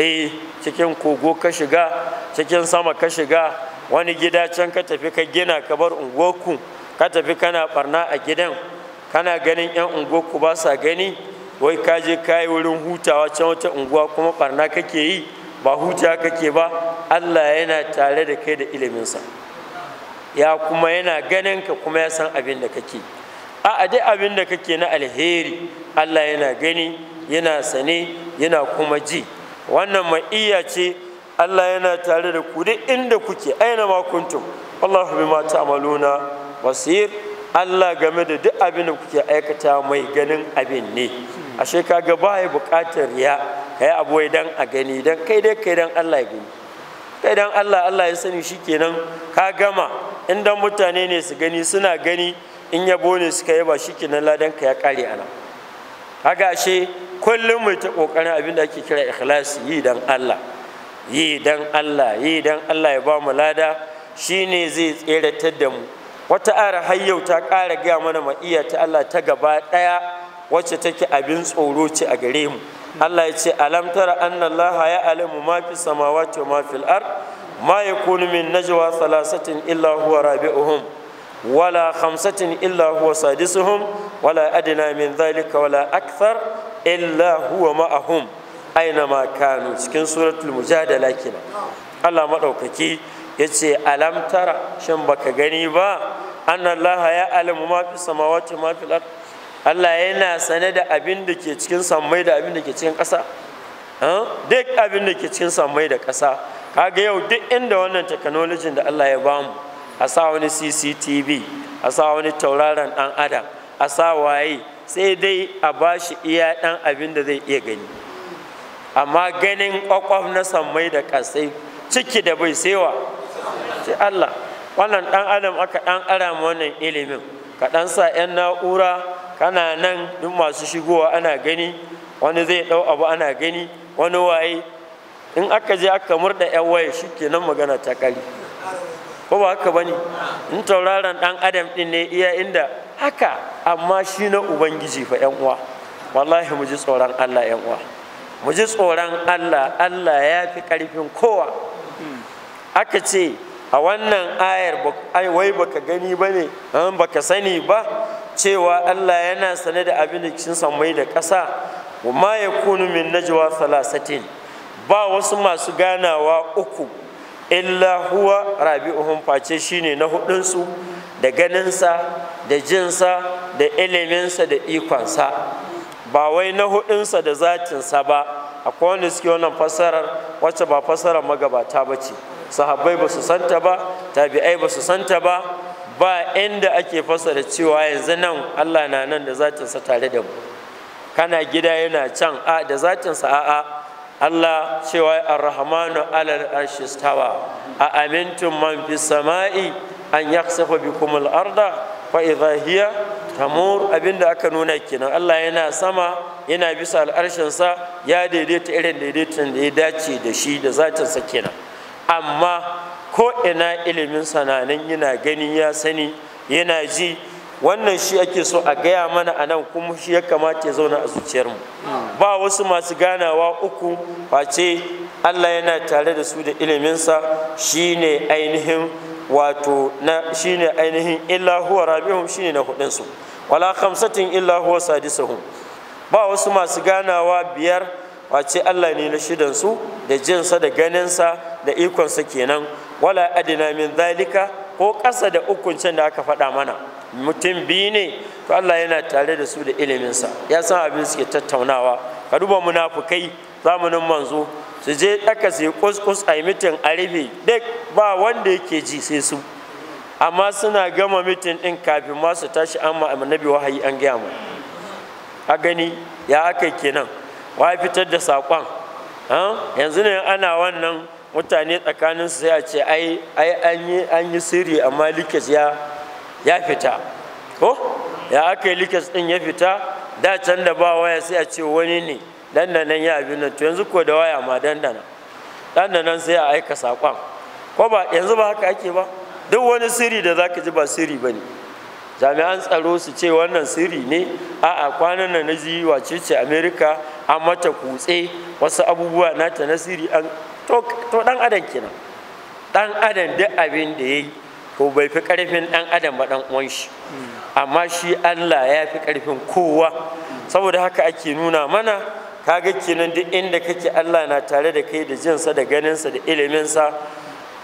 eh cikin kogo ka shiga cikin sama ka shiga wani gida can ka tafi ka gina ka bar unguwarku ka tafi kana barna a gidan kana ganin yan ungoku ba sa gani wai ka je wurin hutawa can wata unguwa kuma barna kake yi ba huta kake ba allah yana tare da kai da iliminsa ya kuma yana ganin ka kuma ya san abin da kake a dai abin da kake na alheri allah yana gani yana sane yana kuma ji wannan mai ma'iyya ce allah yana tare da ku duk inda kuke aina ma kuntum allahu bima ta'maluna basir allah game da duk abin da kuke aikata mai ganin abin ne ashe kaga ba ya bukatar ya kai abu dan a gani dan kai dai kai dan Allah ya gani kai dan Allah Allah ya sani shikenan ka gama inda mutane ne su gani suna gani in yabo ne suka shi shikenan ladan ka ya kare ana kaga ashe kullum mu ta kokarin abin da ake kira ikhlasi yi dan Allah yi dan Allah yi dan Allah ya ba mu lada shine zai tseratar da mu wata ara har yau ta kara gaya mana ma'iyata ta Allah ta gaba daya. wacce take abin tsoro ce a gare mu Allah ya ce alam tara anna Allah ya alamu ma fi samawati wa ma fil ard ma yakunu min najwa thalathatin illa huwa rabi'uhum wala khamsatin illa huwa sadisuhum wala adna min dhalika wala akthar illa huwa ma'ahum aina ma kanu cikin suratul mujadala kenan Allah madaukaki yace alam tara shin baka gani ba anna Allah ya alamu ma fi samawati wa ma fil ard Allah yana sane da abin da ke cikin sammai da abin da ke cikin ƙasa duk abin da ke cikin sammai da ƙasa kaga yau duk inda wannan technology da Allah ya bamu a sa wani CCTV a sa wani tauraron ɗan adam a sa waye sai dai a ba shi iya ɗan abin da zai iya gani amma ganin ƙwaƙwaf na sammai da ƙasai ciki da bai sewa sai Allah wannan ɗan adam aka ɗan ara wannan ilimin ka ɗan sa 'yan na'ura kana nan duk masu shigowa ana gani wani zai dau abu ana gani wani waye in aka je aka murda yan waye shi nan magana ta kali ko ba haka bane in tauraron ɗan adam ɗin ne iya inda haka amma shi na ubangiji fa yan uwa wallahi mu ji tsoron allah yan uwa mu ji tsoron allah allah ya fi karfin kowa aka ce a wannan ayar wai baka gani bane an baka sani ba cewa Allah yana sane da abin da cikin da ƙasa wa ma yakunu min najwa salasatin ba wasu masu ganawa uku illa huwa rabi'uhum face shine na hudunsu da ganinsa da jinsa da iliminsa da ikonsa ba wai na hudunsa da zatinsa ba akwai wanda suke wannan fasarar wacce ba fasarar magabata ba ce sahabbai ba su santa ba tabi'ai ba su santa ba ba inda ake da cewa yanzu nan Allah na nan da zatinsa tare da mu kana gida yana can a da zatinsa a'a Allah cewa ar-rahmanu alal arshi stawa a amintum man fis sama'i an yakhsafa bikum al-arda fa idha hiya tamur abinda aka nuna kenan Allah yana sama yana bisa al'arshin sa ya daidaita irin daidaitan da ya dace da shi da zatinsa kenan amma ko ina ilimin sananan yana gani ya sani yana ji wannan shi ake so a gaya mana a nan kuma shi ya kamata ya zauna a zuciyarmu ba wasu masu ganawa uku face allah yana tare da su da iliminsa shine ainihin wato na shine ainihin illa huwa rabihum shine na hudunsu wala khamsatin illa huwa sadisuhum ba wasu masu ganawa biyar Wace allah ne na shidansu da jinsa da ganinsa da ikonsa kenan wala adina min zalika ko kasa da ukun can da aka faɗa mana mutum biyu ne to Allah yana tare da su da iliminsa ya san abin suke tattaunawa ka duba munafukai zamanin manzo su je ɗaka su kuskus a yi mitin a rufe duk ba wanda yake ji sai su amma suna gama mitin ɗin kafin ma su tashi an ma annabi wahayi an gaya mu a gani ya aka kenan wa fitar da saƙon yanzu ne ana wannan mutane tsakanin su ya ce ai an yi sirri amma likes ya ya fita ko ya aka yi likes din ya fita da can da ba waya sai a ce wani ne dandanan ya abin nan to yanzu ko da waya ma dandana dandanan sai a aika saƙon ko ba yanzu ba haka ake ba duk wani sirri da zaka ji ba sirri bane jami'an tsaro su ce wannan sirri ne a a kwanan nan na ji wace ce america an mata kutse wasu abubuwa nata na sirri an to dan adam kenan dan adam duk abin da yayi ko bai fi karfin dan adam ba dan uwan shi amma shi Allah ya fi karfin kowa saboda haka ake nuna mana kaga kenan duk inda kake Allah na tare da kai da jinsa da ganinsa da iliminsa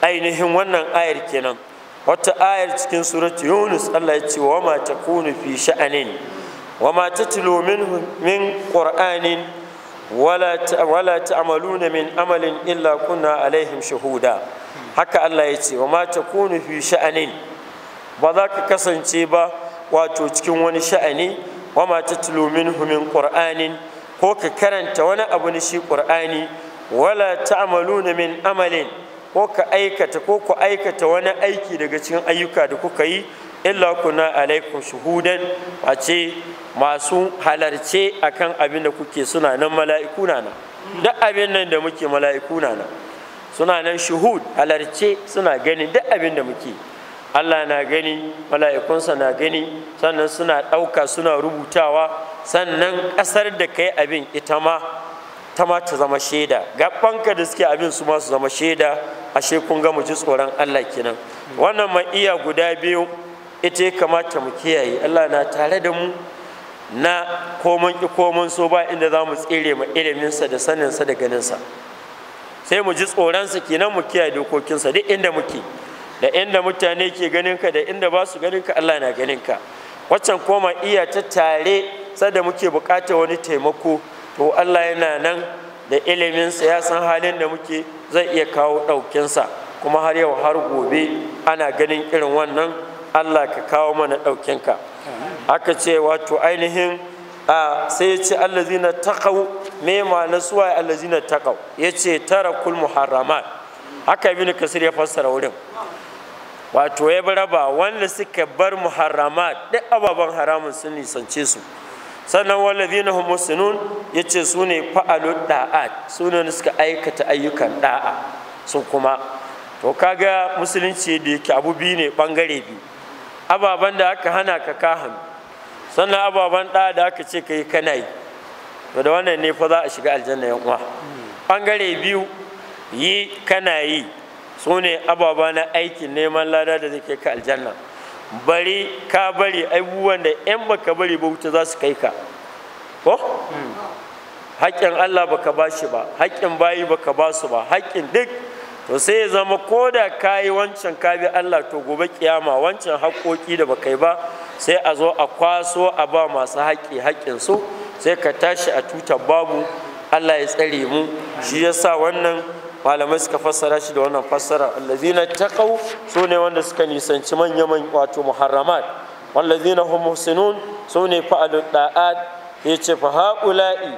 ainihin wannan ayar kenan wata ayar cikin surat yunus allah ya ce wa ma takunu fi sha'anin wa ma minhu min qur'anin wala ta'maluna min amalin illa kunna alaihim shahuda haka Allah ya ce wa ma takunu fi sha'anin ba za ka kasance ba wato cikin wani sha'ani wa ma tatlu minhu min qur'anin ko ka karanta wani abu na shi qur'ani wala ta'maluna min amalin ko ka aikata ko ku aikata wani aiki daga cikin ayyuka da kuka yi illa kuna alaikum shuhudan ce masu halarce akan abin da kuke suna nan mala'iku na nan duk abin nan da muke mala'iku na nan suna nan shuhud halarce suna gani duk abin da muke Allah na gani mala'ikunsa na gani sannan suna ɗauka suna rubutawa sannan ƙasar da kai abin ita ma ta ma zama shaida gaɓanka da suke abin su ma zama shaida ashe kun ga mu ji tsoron Allah kenan wannan ma iya guda biyu ita ya kamata mu kiyaye Allah na tare da mu na komon ki komon so ba inda za mu tsere ma iliminsa da saninsa da ganinsa sai mu ji tsoronsa kenan mu kiyaye dokokinsa duk inda muke da inda mutane ke ganinka da inda ba su ka Allah na ganinka waccan koma iya ta tare sada muke bukata wani taimako to Allah yana nan da iliminsa ya san halin da muke zai iya kawo sa kuma har yau har gobe ana ganin irin wannan Allah ka kawo mana ɗaukinka aka ce wato ainihin a sai ya ce allazina taqaw me ma'ana suwa allazina taqaw ya ce tarakul muharramat haka ibn kasir ya fassara wurin wato ya raba wanda suka bar muharramat duk ababen haramun sun nisance su sannan wallazina hum musnun yace sune fa'alu da'at sune suka aikata ayyukan da'a su kuma to kaga musulunci da yake abu biyu ne bangare biyu ababen da aka hana ka kahan sannan ababen ɗa da aka ce ka yi kana yi to da wannan ne fa za a shiga aljanna yan uwa ɓangare biyu yi kana yi su ne ababa na aikin neman lada da zai kai ka aljanna bari ka bari abubuwan da yan baka bari ba wuce za su kai ka ko hmm. haƙƙin allah baka ba shi ba haƙƙin bayi baka ba su ba haƙƙin duk to sai ya zama ko da ka yi wancan kabi Allah to gobe kiyama wancan haƙoƙi da baka yi ba sai a zo a kwaso a ba masu haƙƙi haƙƙin su sai ka tashi a tutar babu Allah ya tsare mu shi yasa wannan malamai suka fassara shi da wannan fassara allazina taqaw su ne wanda suka nisanci manya man wato muharramat wallazina hum muhsinun su ne fa'alud da'at yace fa haula'i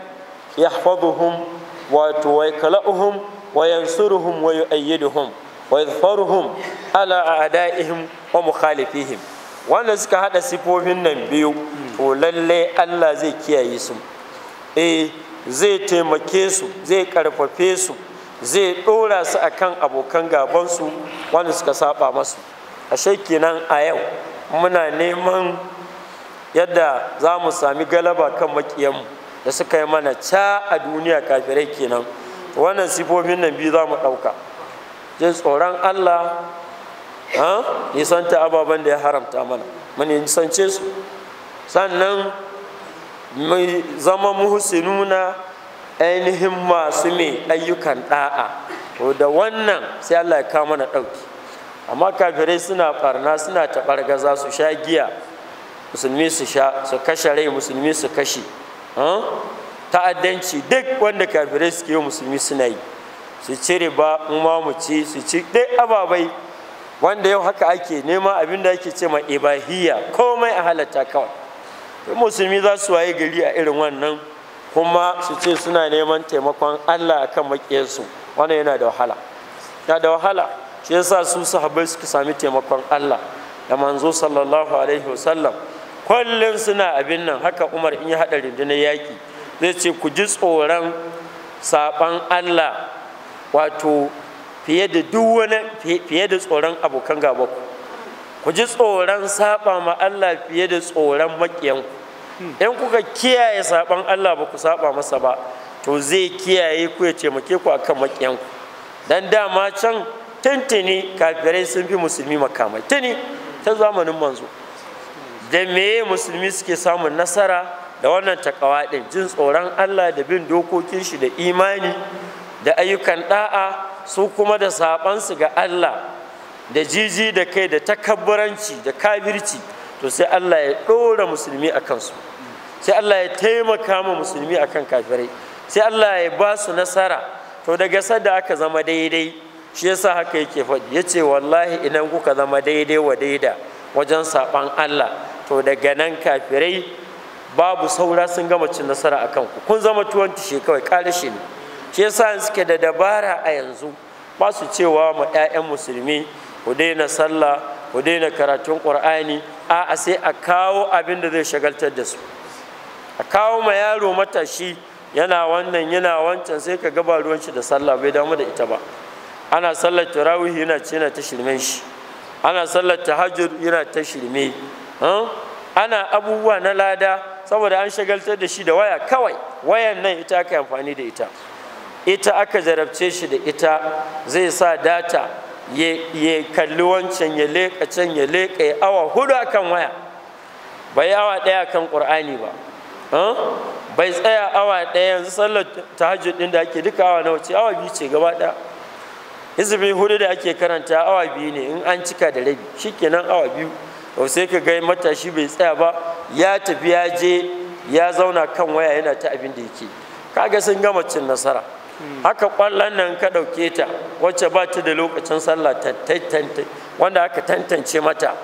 yahfazuhum wato waikala'uhum وينصرهم ويؤيدهم ويظفرهم على أعدائهم ومخالفيهم wanda suka haɗa sifofin nan biyu Olallai, Allah zai kiyaye su eh zai taimake su zai karfafe su zai ɗora su akan abokan gabansu, su wanda suka saba masu ashe kenan a yau muna neman yadda za mu sami galaba kan makiyanmu da suka yi mana ca a duniya kafirai kenan wannan sifofin nan biyu za mu ɗauka jin tsoron allah nisanta ababen da ya haramta mana mu nisance su sannan mai zama muhsinuna ainihin masu mai ayyukan ɗa'a to da wannan sai allah ya kawo mana ɗauki amma kafirai suna ɓarna suna taɓargaza su sha giya musulmi su sha su kashe rai musulmi su kashe ta'addanci duk wanda kafirai suke musulmi suna yi su cire riba in ma mu ci su ci dai ababai wanda yau haka ake nema abin da ake ce ma ibahiyya komai a halatta kawai musulmi za su waye gari a irin wannan kuma su ce suna neman taimakon allah akan maƙiyarsu wannan yana da wahala yana da wahala shi yasa su sahabbai suka sami taimakon allah da manzo sallallahu alaihi wasallam kullum suna abin nan haka umar in ya haɗa rundunar yaƙi zai ce ku ji tsoron saɓan Allah wato fiye da duk wani fiye da tsoron abokan gaba ku ku ji tsoron saɓa ma Allah fiye da tsoron maƙiyanku in kuka kiyaye saɓan Allah ba ku saɓa masa ba to zai kiyaye ku ya taimake ku akan maƙiyanku dan dama can tuntuni kafirai sun fi musulmi makamai tuni ta zamanin manzo da meye musulmi suke samun nasara da wannan takawa jin tsoron Allah da bin dokokin shi da imani da ayyukan ɗa'a su kuma da saɓansu ga Allah da jiji da kai da takabburanci da kabirci to sai Allah ya ɗora musulmi a kansu sai Allah ya taimaka ma musulmi akan kafirai sai Allah ya ba su nasara to daga sadda aka zama daidai shi yasa haka yake faɗi yace wallahi idan kuka zama daidai wa daida wajen saɓan Allah to daga nan kafirai babu saura sun gama cin nasara a kanku kun zama tuwon shi kawai ƙarashi ne shi yasa suke da dabara a yanzu ba su cewa ma 'ya'yan musulmi ku daina sallah ku daina karatun ƙur'ani a a sai a kawo abin da zai shagaltar da su a kawo ma yaro matashi yana wannan yana wancan sai ka gaba ruwan shi da sallah bai damu da ita ba ana sallar tarawih yana ce yana ta shirme shi ana sallar tahajjud yana ta shirme ana abubuwa na lada saboda an shagaltar da shi da waya kawai wayan nan ita aka amfani da ita ita aka zarabce shi da ita zai sa data ya kalli wancan ya leƙa can ya leƙa ya awa hudu akan waya bai awa ɗaya kan ƙur'ani ba bai tsaya awa ɗaya yanzu sallar tahajjud ɗin da ake duka awa nawa ce awa biyu ce gaba ɗaya izumi hudu da ake karanta awa biyu ne in an cika da rabi shikenan awa biyu to sai ka ga matashi bai tsaya ba ya tafi ya je ya zauna kan waya yana ta abin da yake kaga sun gama cin nasara haka kwallon nan ka ɗauke ta wacce ba ta da lokacin sallah wanda aka tantance mata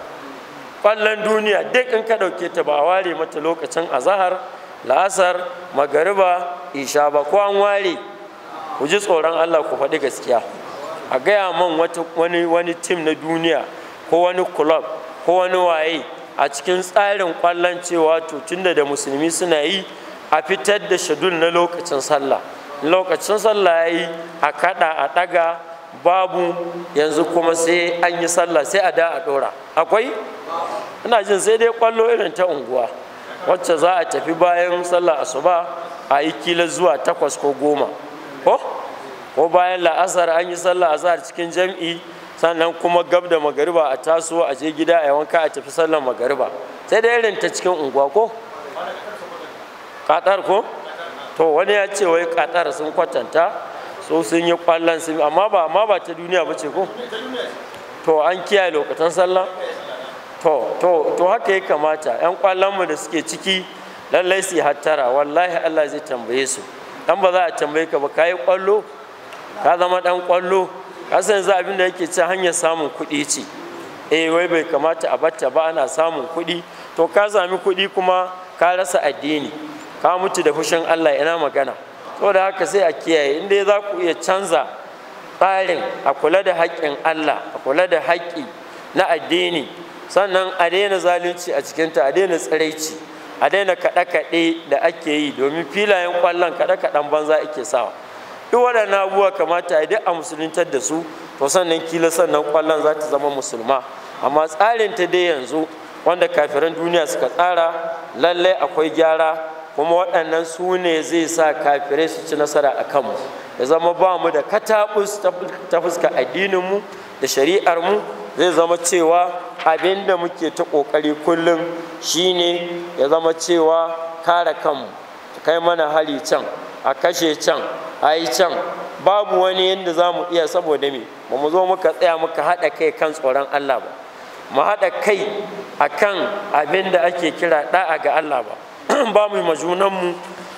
kwallon duniya duk in ka ɗauke ta ba ware mata lokacin azahar la'asar magariba isha ba ko an ware ku ji tsoron allah ku faɗi gaskiya a gaya man wani tim na duniya ko wani club ko wani waye a cikin tsarin kwallon cewa to da musulmi suna yi a fitar da shadul na lokacin sallah lokacin sallah ya yi a kada a daga babu yanzu kuma sai an yi sallah sai a da a dora akwai ina jin sai dai kwallo irin ta unguwa wacce za a tafi bayan sallah asuba a yi kila zuwa takwas ko goma ko bayan la'asar an yi sallah azhar cikin jam'i sannan kuma gab da magariba a taso a je gida a yawanka wanka a tafi sallar magariba sai da irin ta cikin unguwa ko katar ko to wani ya ce wai katar sun kwatanta so sun yi kwallon sun amma ba amma ba ta duniya ba ce ko to an kiyaye lokacin sallah to haka ya kamata yan kwallon mu da suke ciki lallai su hattara wallahi Allah zai tambaye su dan ba za a tambaye ka ba kai kwallo ka zama dan kwallo kasa yanzu abin da yake ce hanyar samun kuɗi ce eh wai bai kamata a batta ba ana samun kuɗi to ka sami kuɗi kuma ka rasa addini ka mutu da fushin Allah ina magana saboda haka sai a kiyaye inda za ku iya canza tsarin a kula da haƙƙin Allah a kula da haƙƙi na addini sannan a daina zalunci a cikinta a daina tsiraici a daina kaɗe-kaɗe da ake yi domin filayen ƙwallon kaɗe-kaɗen banza ake sawa duk waɗannan abubuwa kamata a duk a musuluntar da su to sannan kila sannan kwallon za ta zama musulma amma tsarin ta dai yanzu wanda kafiran duniya suka tsara lallai akwai gyara kuma waɗannan su ne zai sa kafirai su ci nasara a kanmu ya zama ba mu da kataɓus ta fuska mu da shari'ar mu. zai zama cewa abin da muke ta ƙoƙari kullum shine ya zama cewa kare kanmu kai mana hali can a kashe can a yi can babu wani yadda za mu iya saboda me ba mu zo muka tsaya muka haɗa kai kan tsoron Allah ba mu haɗa kai a kan abin da ake kira ɗa'a ga Allah ba ba mu mu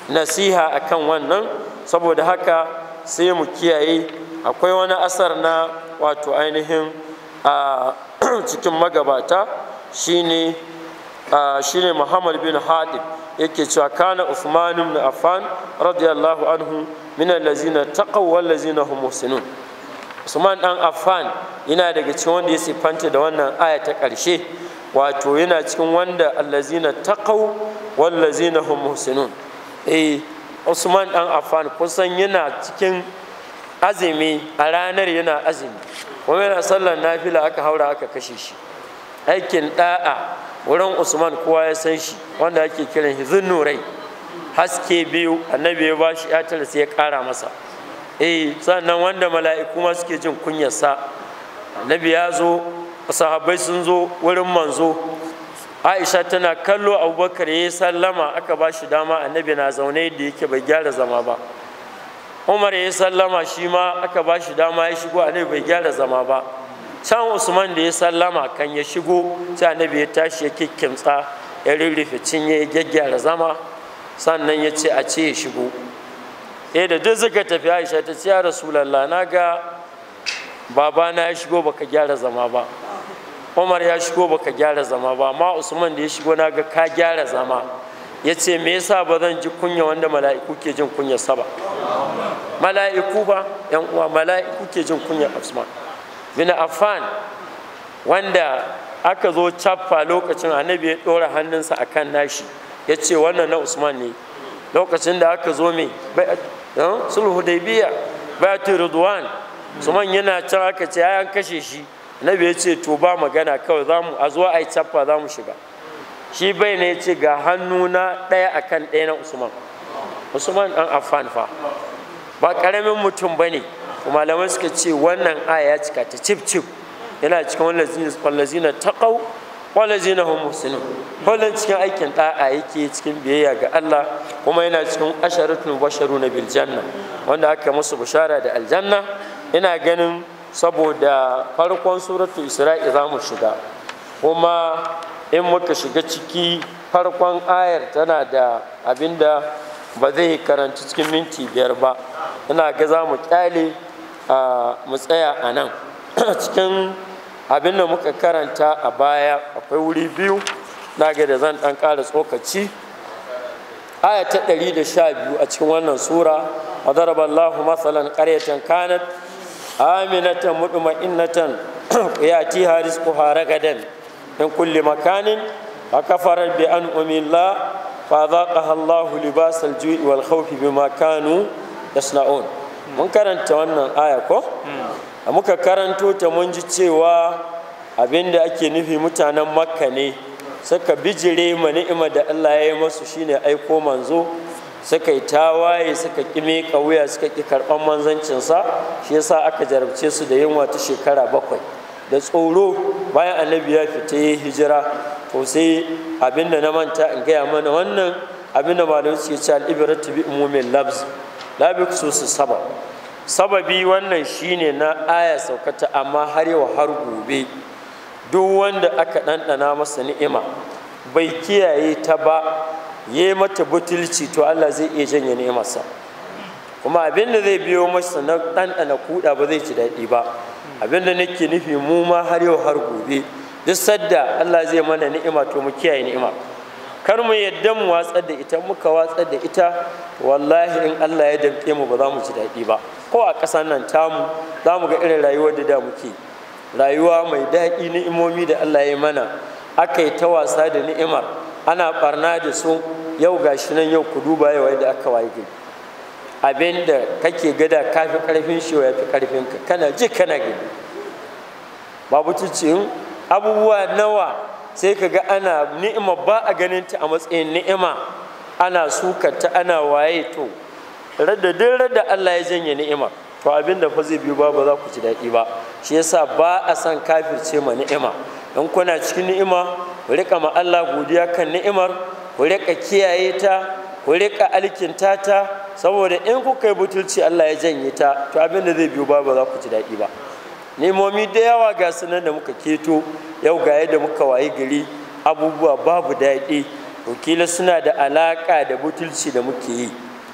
nasiha a kan wannan saboda haka sai mu kiyaye akwai wani asar na wato ainihin a cikin magabata shine ne shine muhammad bin hadib yake cewa kana usman ibn affan radiyallahu anhu min allazina taqaw wal lazina hum muhsinun usman dan affan yana daga cikin wanda ya siffanta da wannan aya ta karshe wato yana cikin wanda allazina taqaw wal lazina hum muhsinun eh usman dan Afan kusan yana cikin azumi a ranar yana azumi kuma yana sallar nafila aka haura aka kashe shi aikin da'a wurin usman kowa ya san shi wanda ake kiran shi nurai haske biyu annabi ya bashi ya tara sai ya kara masa eh sannan wanda mala'iku ma suke jin kunyarsa annabi ya zo sahabbai sun zo wurin manzo aisha tana kallo abubakar ya sallama aka ba shi dama annabi na zaune da yake bai gyara zama ba umar ya sallama shi ma aka ba shi dama ya shigo annabi bai gyara zama ba can usman da ya sallama kan ya shigo sai annabi ya tashi ya kikkimtsa ya rirrife cinye ya gyaggyara zama sannan ya ce a ce ya shigo eh da duk suka tafi aisha ta ce ya rasulallah na ga babana ya shigo baka gyara zama ba umar ya shigo baka gyara zama ba amma usman da ya shigo na ga ka gyara zama ya ce me yasa ba zan ji kunya wanda mala'iku ke jin kunya saba mala'iku ba yan uwa mala'iku ke jin kunya usman bin affan wanda aka zo caffa lokacin annabi ya ɗora hannunsa a kan nashi ya ce wannan na usman ne lokacin da aka zo mai eh, sulhu daibiya bayatu ridwan usman yana can aka ce ya kashe shi annabi ya ce to ba magana kawai za a zo a yi zamu za mu shiga shi bai ne ya ce ga hannuna ɗaya akan ɗaya na usman usman ɗan Afan fa ba ƙaramin mutum ba ne kuma malamai suka ce wannan aya ya cika ta cif cif yana cikin wallazina taqaw wallazina hum muhsinun wallan cikin aikin da'a yake cikin biyayya ga Allah kuma yana cikin asharatul basharu na janna wanda aka musu bushara da aljanna ina ganin saboda farkon suratul isra'i za mu shiga kuma in muka shiga ciki farkon ayar tana da abinda ba zai karanci cikin minti biyar ba ina ga za mu kyale mu tsaya a nan cikin abin da muka karanta a baya akwai wuri biyu na ga da zan ɗan ƙara tsokaci aya ta 112 a cikin wannan sura a masalan matsalan ƙaryatan kanat aminatan mutuma'innatan ya ti haris kuhara gadan in kulle makanin a kafarar bi an umilla fa za allahu libasal ju'i wal khawfi bima kanu yasna'un mun karanta wannan aya ko hmm. a muka karanto ta mun ji cewa abinda ake nufi mutanen makka ne Saka bijire ma ni'ima da Allah ya yi masu shine aiko manzo suka yi tawaye suka ƙi wuya suka ƙi karɓar manzancinsa shi yasa aka jarabce su da yunwa ta shekara bakwai da tsoro bayan annabi ya fita ya hijira to sai abinda na manta in gaya mana wannan abinda malamai suke cewa al'ibiratu bi umumin labs la bi sabab sababi wannan shine na aya saukata amma har yau har gobe duk wanda aka ɗanɗana masa ni'ima bai kiyaye ta ba ya mata butulci to Allah zai iya janye ni'imarsa kuma abin da zai biyo masa na ɗanɗana kuɗa ba zai ci daɗi ba abin da nake nufi mu ma har yau har gobe duk sadda Allah zai mana ni'ima to mu kiyaye ni'ima kar mu yadda mu watsar da ita muka watsar da ita wallahi in Allah ya damƙe mu ba za mu ji daɗi ba ko a ƙasar nan tamu za mu ga irin rayuwar da da muke rayuwa mai daɗi ni'imomi da Allah ya mana aka yi ta wasa da ni'imar ana barna da su yau gashi nan yau ku duba yau yadda aka waye abin da kake gada ka fi ƙarfin shi ya fi ƙarfin ka kana ji kana gani babu cikin abubuwa nawa sai ka ga ana ni'ima ba a ganin ta a matsayin ni'ima ana sukata ana waye to radda duk radda Allah ya janye ni'ima to abin fa zai biyo ba ba za ku ci daɗi ba shi yasa ba a san kafirce ma ni'ima in kuna cikin ni'ima ku riƙa ma Allah godiya kan ni'imar ku riƙa kiyaye ta ku riƙa alkinta ta saboda in kuka yi butulci Allah ya janye ta to abin da zai biyo ba ba za ku ji daɗi ba nemomi da yawa ga sunan da muka keto yau ga yadda muka waye gari abubuwa babu daɗi wakila suna da alaƙa da butulci da muke yi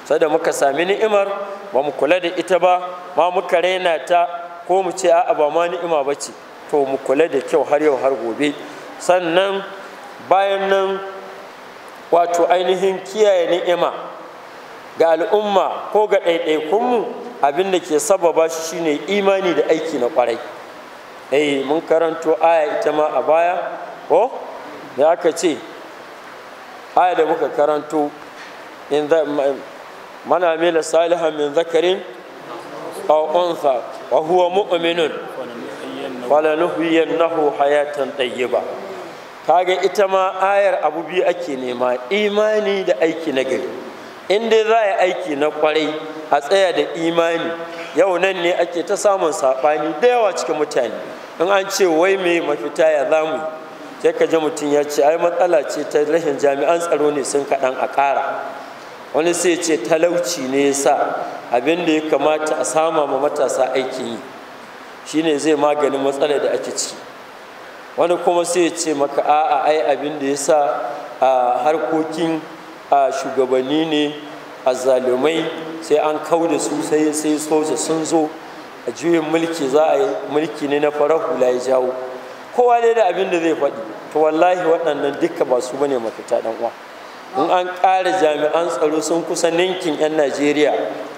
sada muka sami ni'imar ba mu kula da ita ba ma muka raina ta ko mu ce a'a ba ma ni'ima ba ce to mu kula da kyau har yau har gobe sannan bayan nan wato ainihin kiyaye ni'ima ga al'umma ko ga ɗaiɗaikunmu abin da ke sababa shi shine imani da aiki na kwarai eh mun karanto aya ita ma a baya ko da aka ce aya da muka karanto in mana mila salihan min zakarin aw unsa wa huwa mu'minun falanuhyiyannahu hayatan tayyiba kaga ita ma ayar abu biyu ake nema imani da aiki na gari in dai za a aiki na kwarai a tsaya da imani yau nan ne ake ta samun saɓani da yawa cikin mutane in an ce wai me mafita ya zamu sai ka ji mutum ya ce ai matsala ce ta rashin jami'an tsaro ne sun kaɗan a ƙara wani sai ce talauci ne ya sa abin da ya kamata a sama ma matasa aiki yi shine zai magani matsalar da ake ci. wani kuma sai ce maka a'a ai abin da ya sa a harkokin a shugabanni ne a azzalumai sai an kau da su sai sai soja sun zo a juyin mulki za a yi mulki ne na farar hula ya jawo kowa dai da abin da zai faɗi to wallahi waɗannan duka ba su bane mafita ɗan uwa in an ƙara jami'an tsaro sun kusa ninkin 'yan najeriya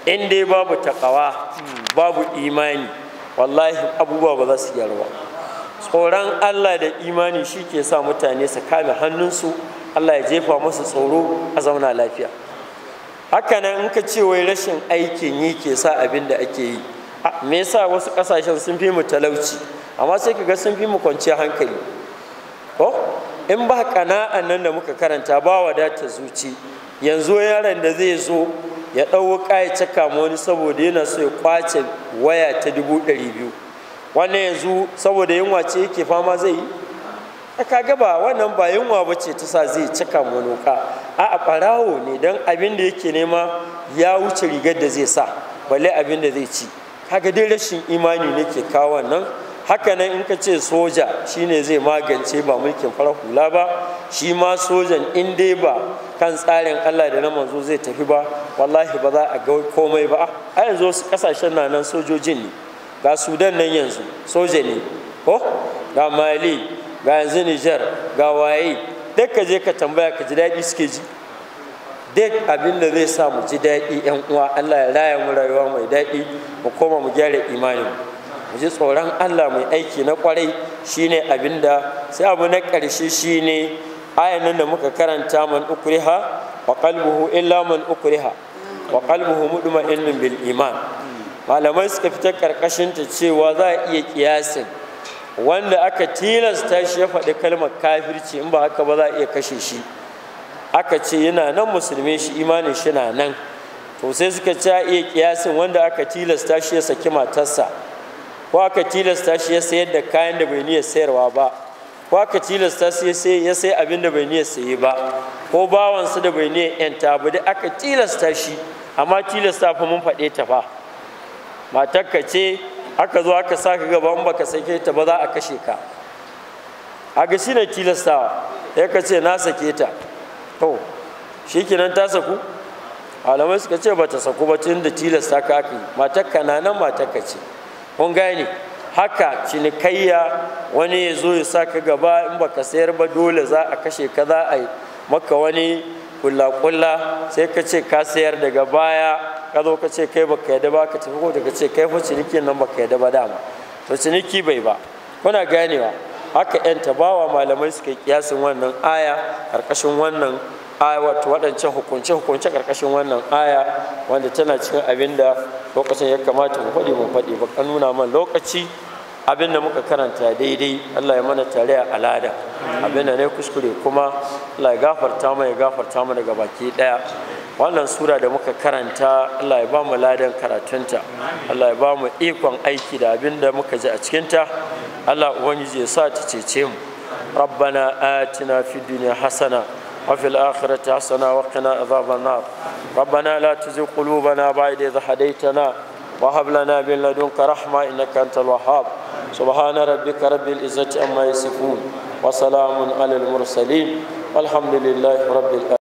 in dai babu takawa babu imani wallahi abubuwa ba za su gyaru tsoron allah da imani shi ke sa mutane su kame hannunsu Allah ya jefa masu tsoro a zauna lafiya hakanan in ka ce wai rashin aikin yi ke sa abin da ake yi me yasa wasu kasashen sun fi mu talauci amma sai ka ga sun fi mu kwanciya hankali ko in ba kana'an nan da muka karanta ba wadata zuci yanzu yaron da zai zo ya ɗau ya caka ma wani saboda yana so ya kwace waya ta dubu ɗari biyu wannan yanzu saboda yunwa ce yake fama zai yi ka gaba wannan ba yunwa ba ce ta sa zai cika munuka a a ɓarawo ne don abin da yake nema ya wuce rigar da zai sa balle abin da zai ci kaga dai rashin imani ne ke kawo nan haka nan in ka ce soja shine zai magance ba mulkin farar hula ba shi ma sojan in dai ba kan tsarin allah da na manzo zai tafi ba wallahi ba za a ga komai ba a yanzu wasu kasashen na nan sojojin ne ga sudan nan yanzu soja ne ko ga mali ga yanzu nijar ga waye duk ka je ka tambaya ka ji daɗi suke ji duk abin da zai sa mu ji daɗi yan uwa allah ya raya mu rayuwa mai daɗi mu koma mu gyara imanin mu ji tsoron allah mai aiki na kwarai shine abinda sai abu na ƙarshe shine ayan nan da muka karanta man ukriha wa qalbuhu illa man ukriha wa qalbuhu mudma'innun bil iman malamai suka fitar karkashin ta cewa za a iya kiyasin wanda aka tilasta shi ya faɗi kalmar kafirci in ba haka ba za a iya kashe shi aka ce yana nan musulmi shi imanin shi na nan to sai suka ci iya kiyasin wanda aka tilasta shi ya saki matarsa ko aka tilasta shi ya sayar da kayan da bai niyyar sayarwa ba ko aka tilasta shi ya sai abin da bai niyyar saye ba ko bawansa da bai niyyar yanta ba da aka tilasta shi amma tilasta fa mun faɗe ta fa matarka ce aka zo aka ka gaban baka sake ta ba za a kashe ka a ga ne tilastawa ya ka ce na sake ta to shikenan ta saku alamai suka ce ba ta saku ba tun da tilasta ka aka yi matakka na nan matakka ce kun gane haka cinikayya wani ya zo ya sa ka gaba in ba ka sayar ba dole za a kashe ka za a yi maka wani kula kulla sai ka ce ka sayar daga baya ka zo ka ce kai baka yadda ba ka tafi ko ka ce kai fa ciniki nan baka yadda ba dama to ciniki bai ba kuna ganewa haka yan tabawa malamai suka kiyasin wannan aya karkashin wannan aya wato waɗancan hukunce hukunce karkashin wannan aya wanda tana cikin abin da lokacin ya kamata mu faɗi mu faɗi ba ka nuna man lokaci abin da muka karanta daidai Allah ya mana tare a alada abin da ne kuskure kuma Allah ya gafarta mu ya gafarta mu daga baki daya wannan sura da muka karanta Allah ya ba mu ladan karatunta Allah ya ba mu ikon aiki da abin da muka ji a cikinta Allah ubangiji ya sa ta cece mu ربنا dunya hasana wa fil akhirati hasana wa qina adhaban nar rabbana la tuzigh qulubana ba'da idh hadaytana وهب لنا من لدنك رحمة إنك أنت الوهاب سبحان ربك رب العزة عما يصفون وسلام على المرسلين والحمد لله رب العالمين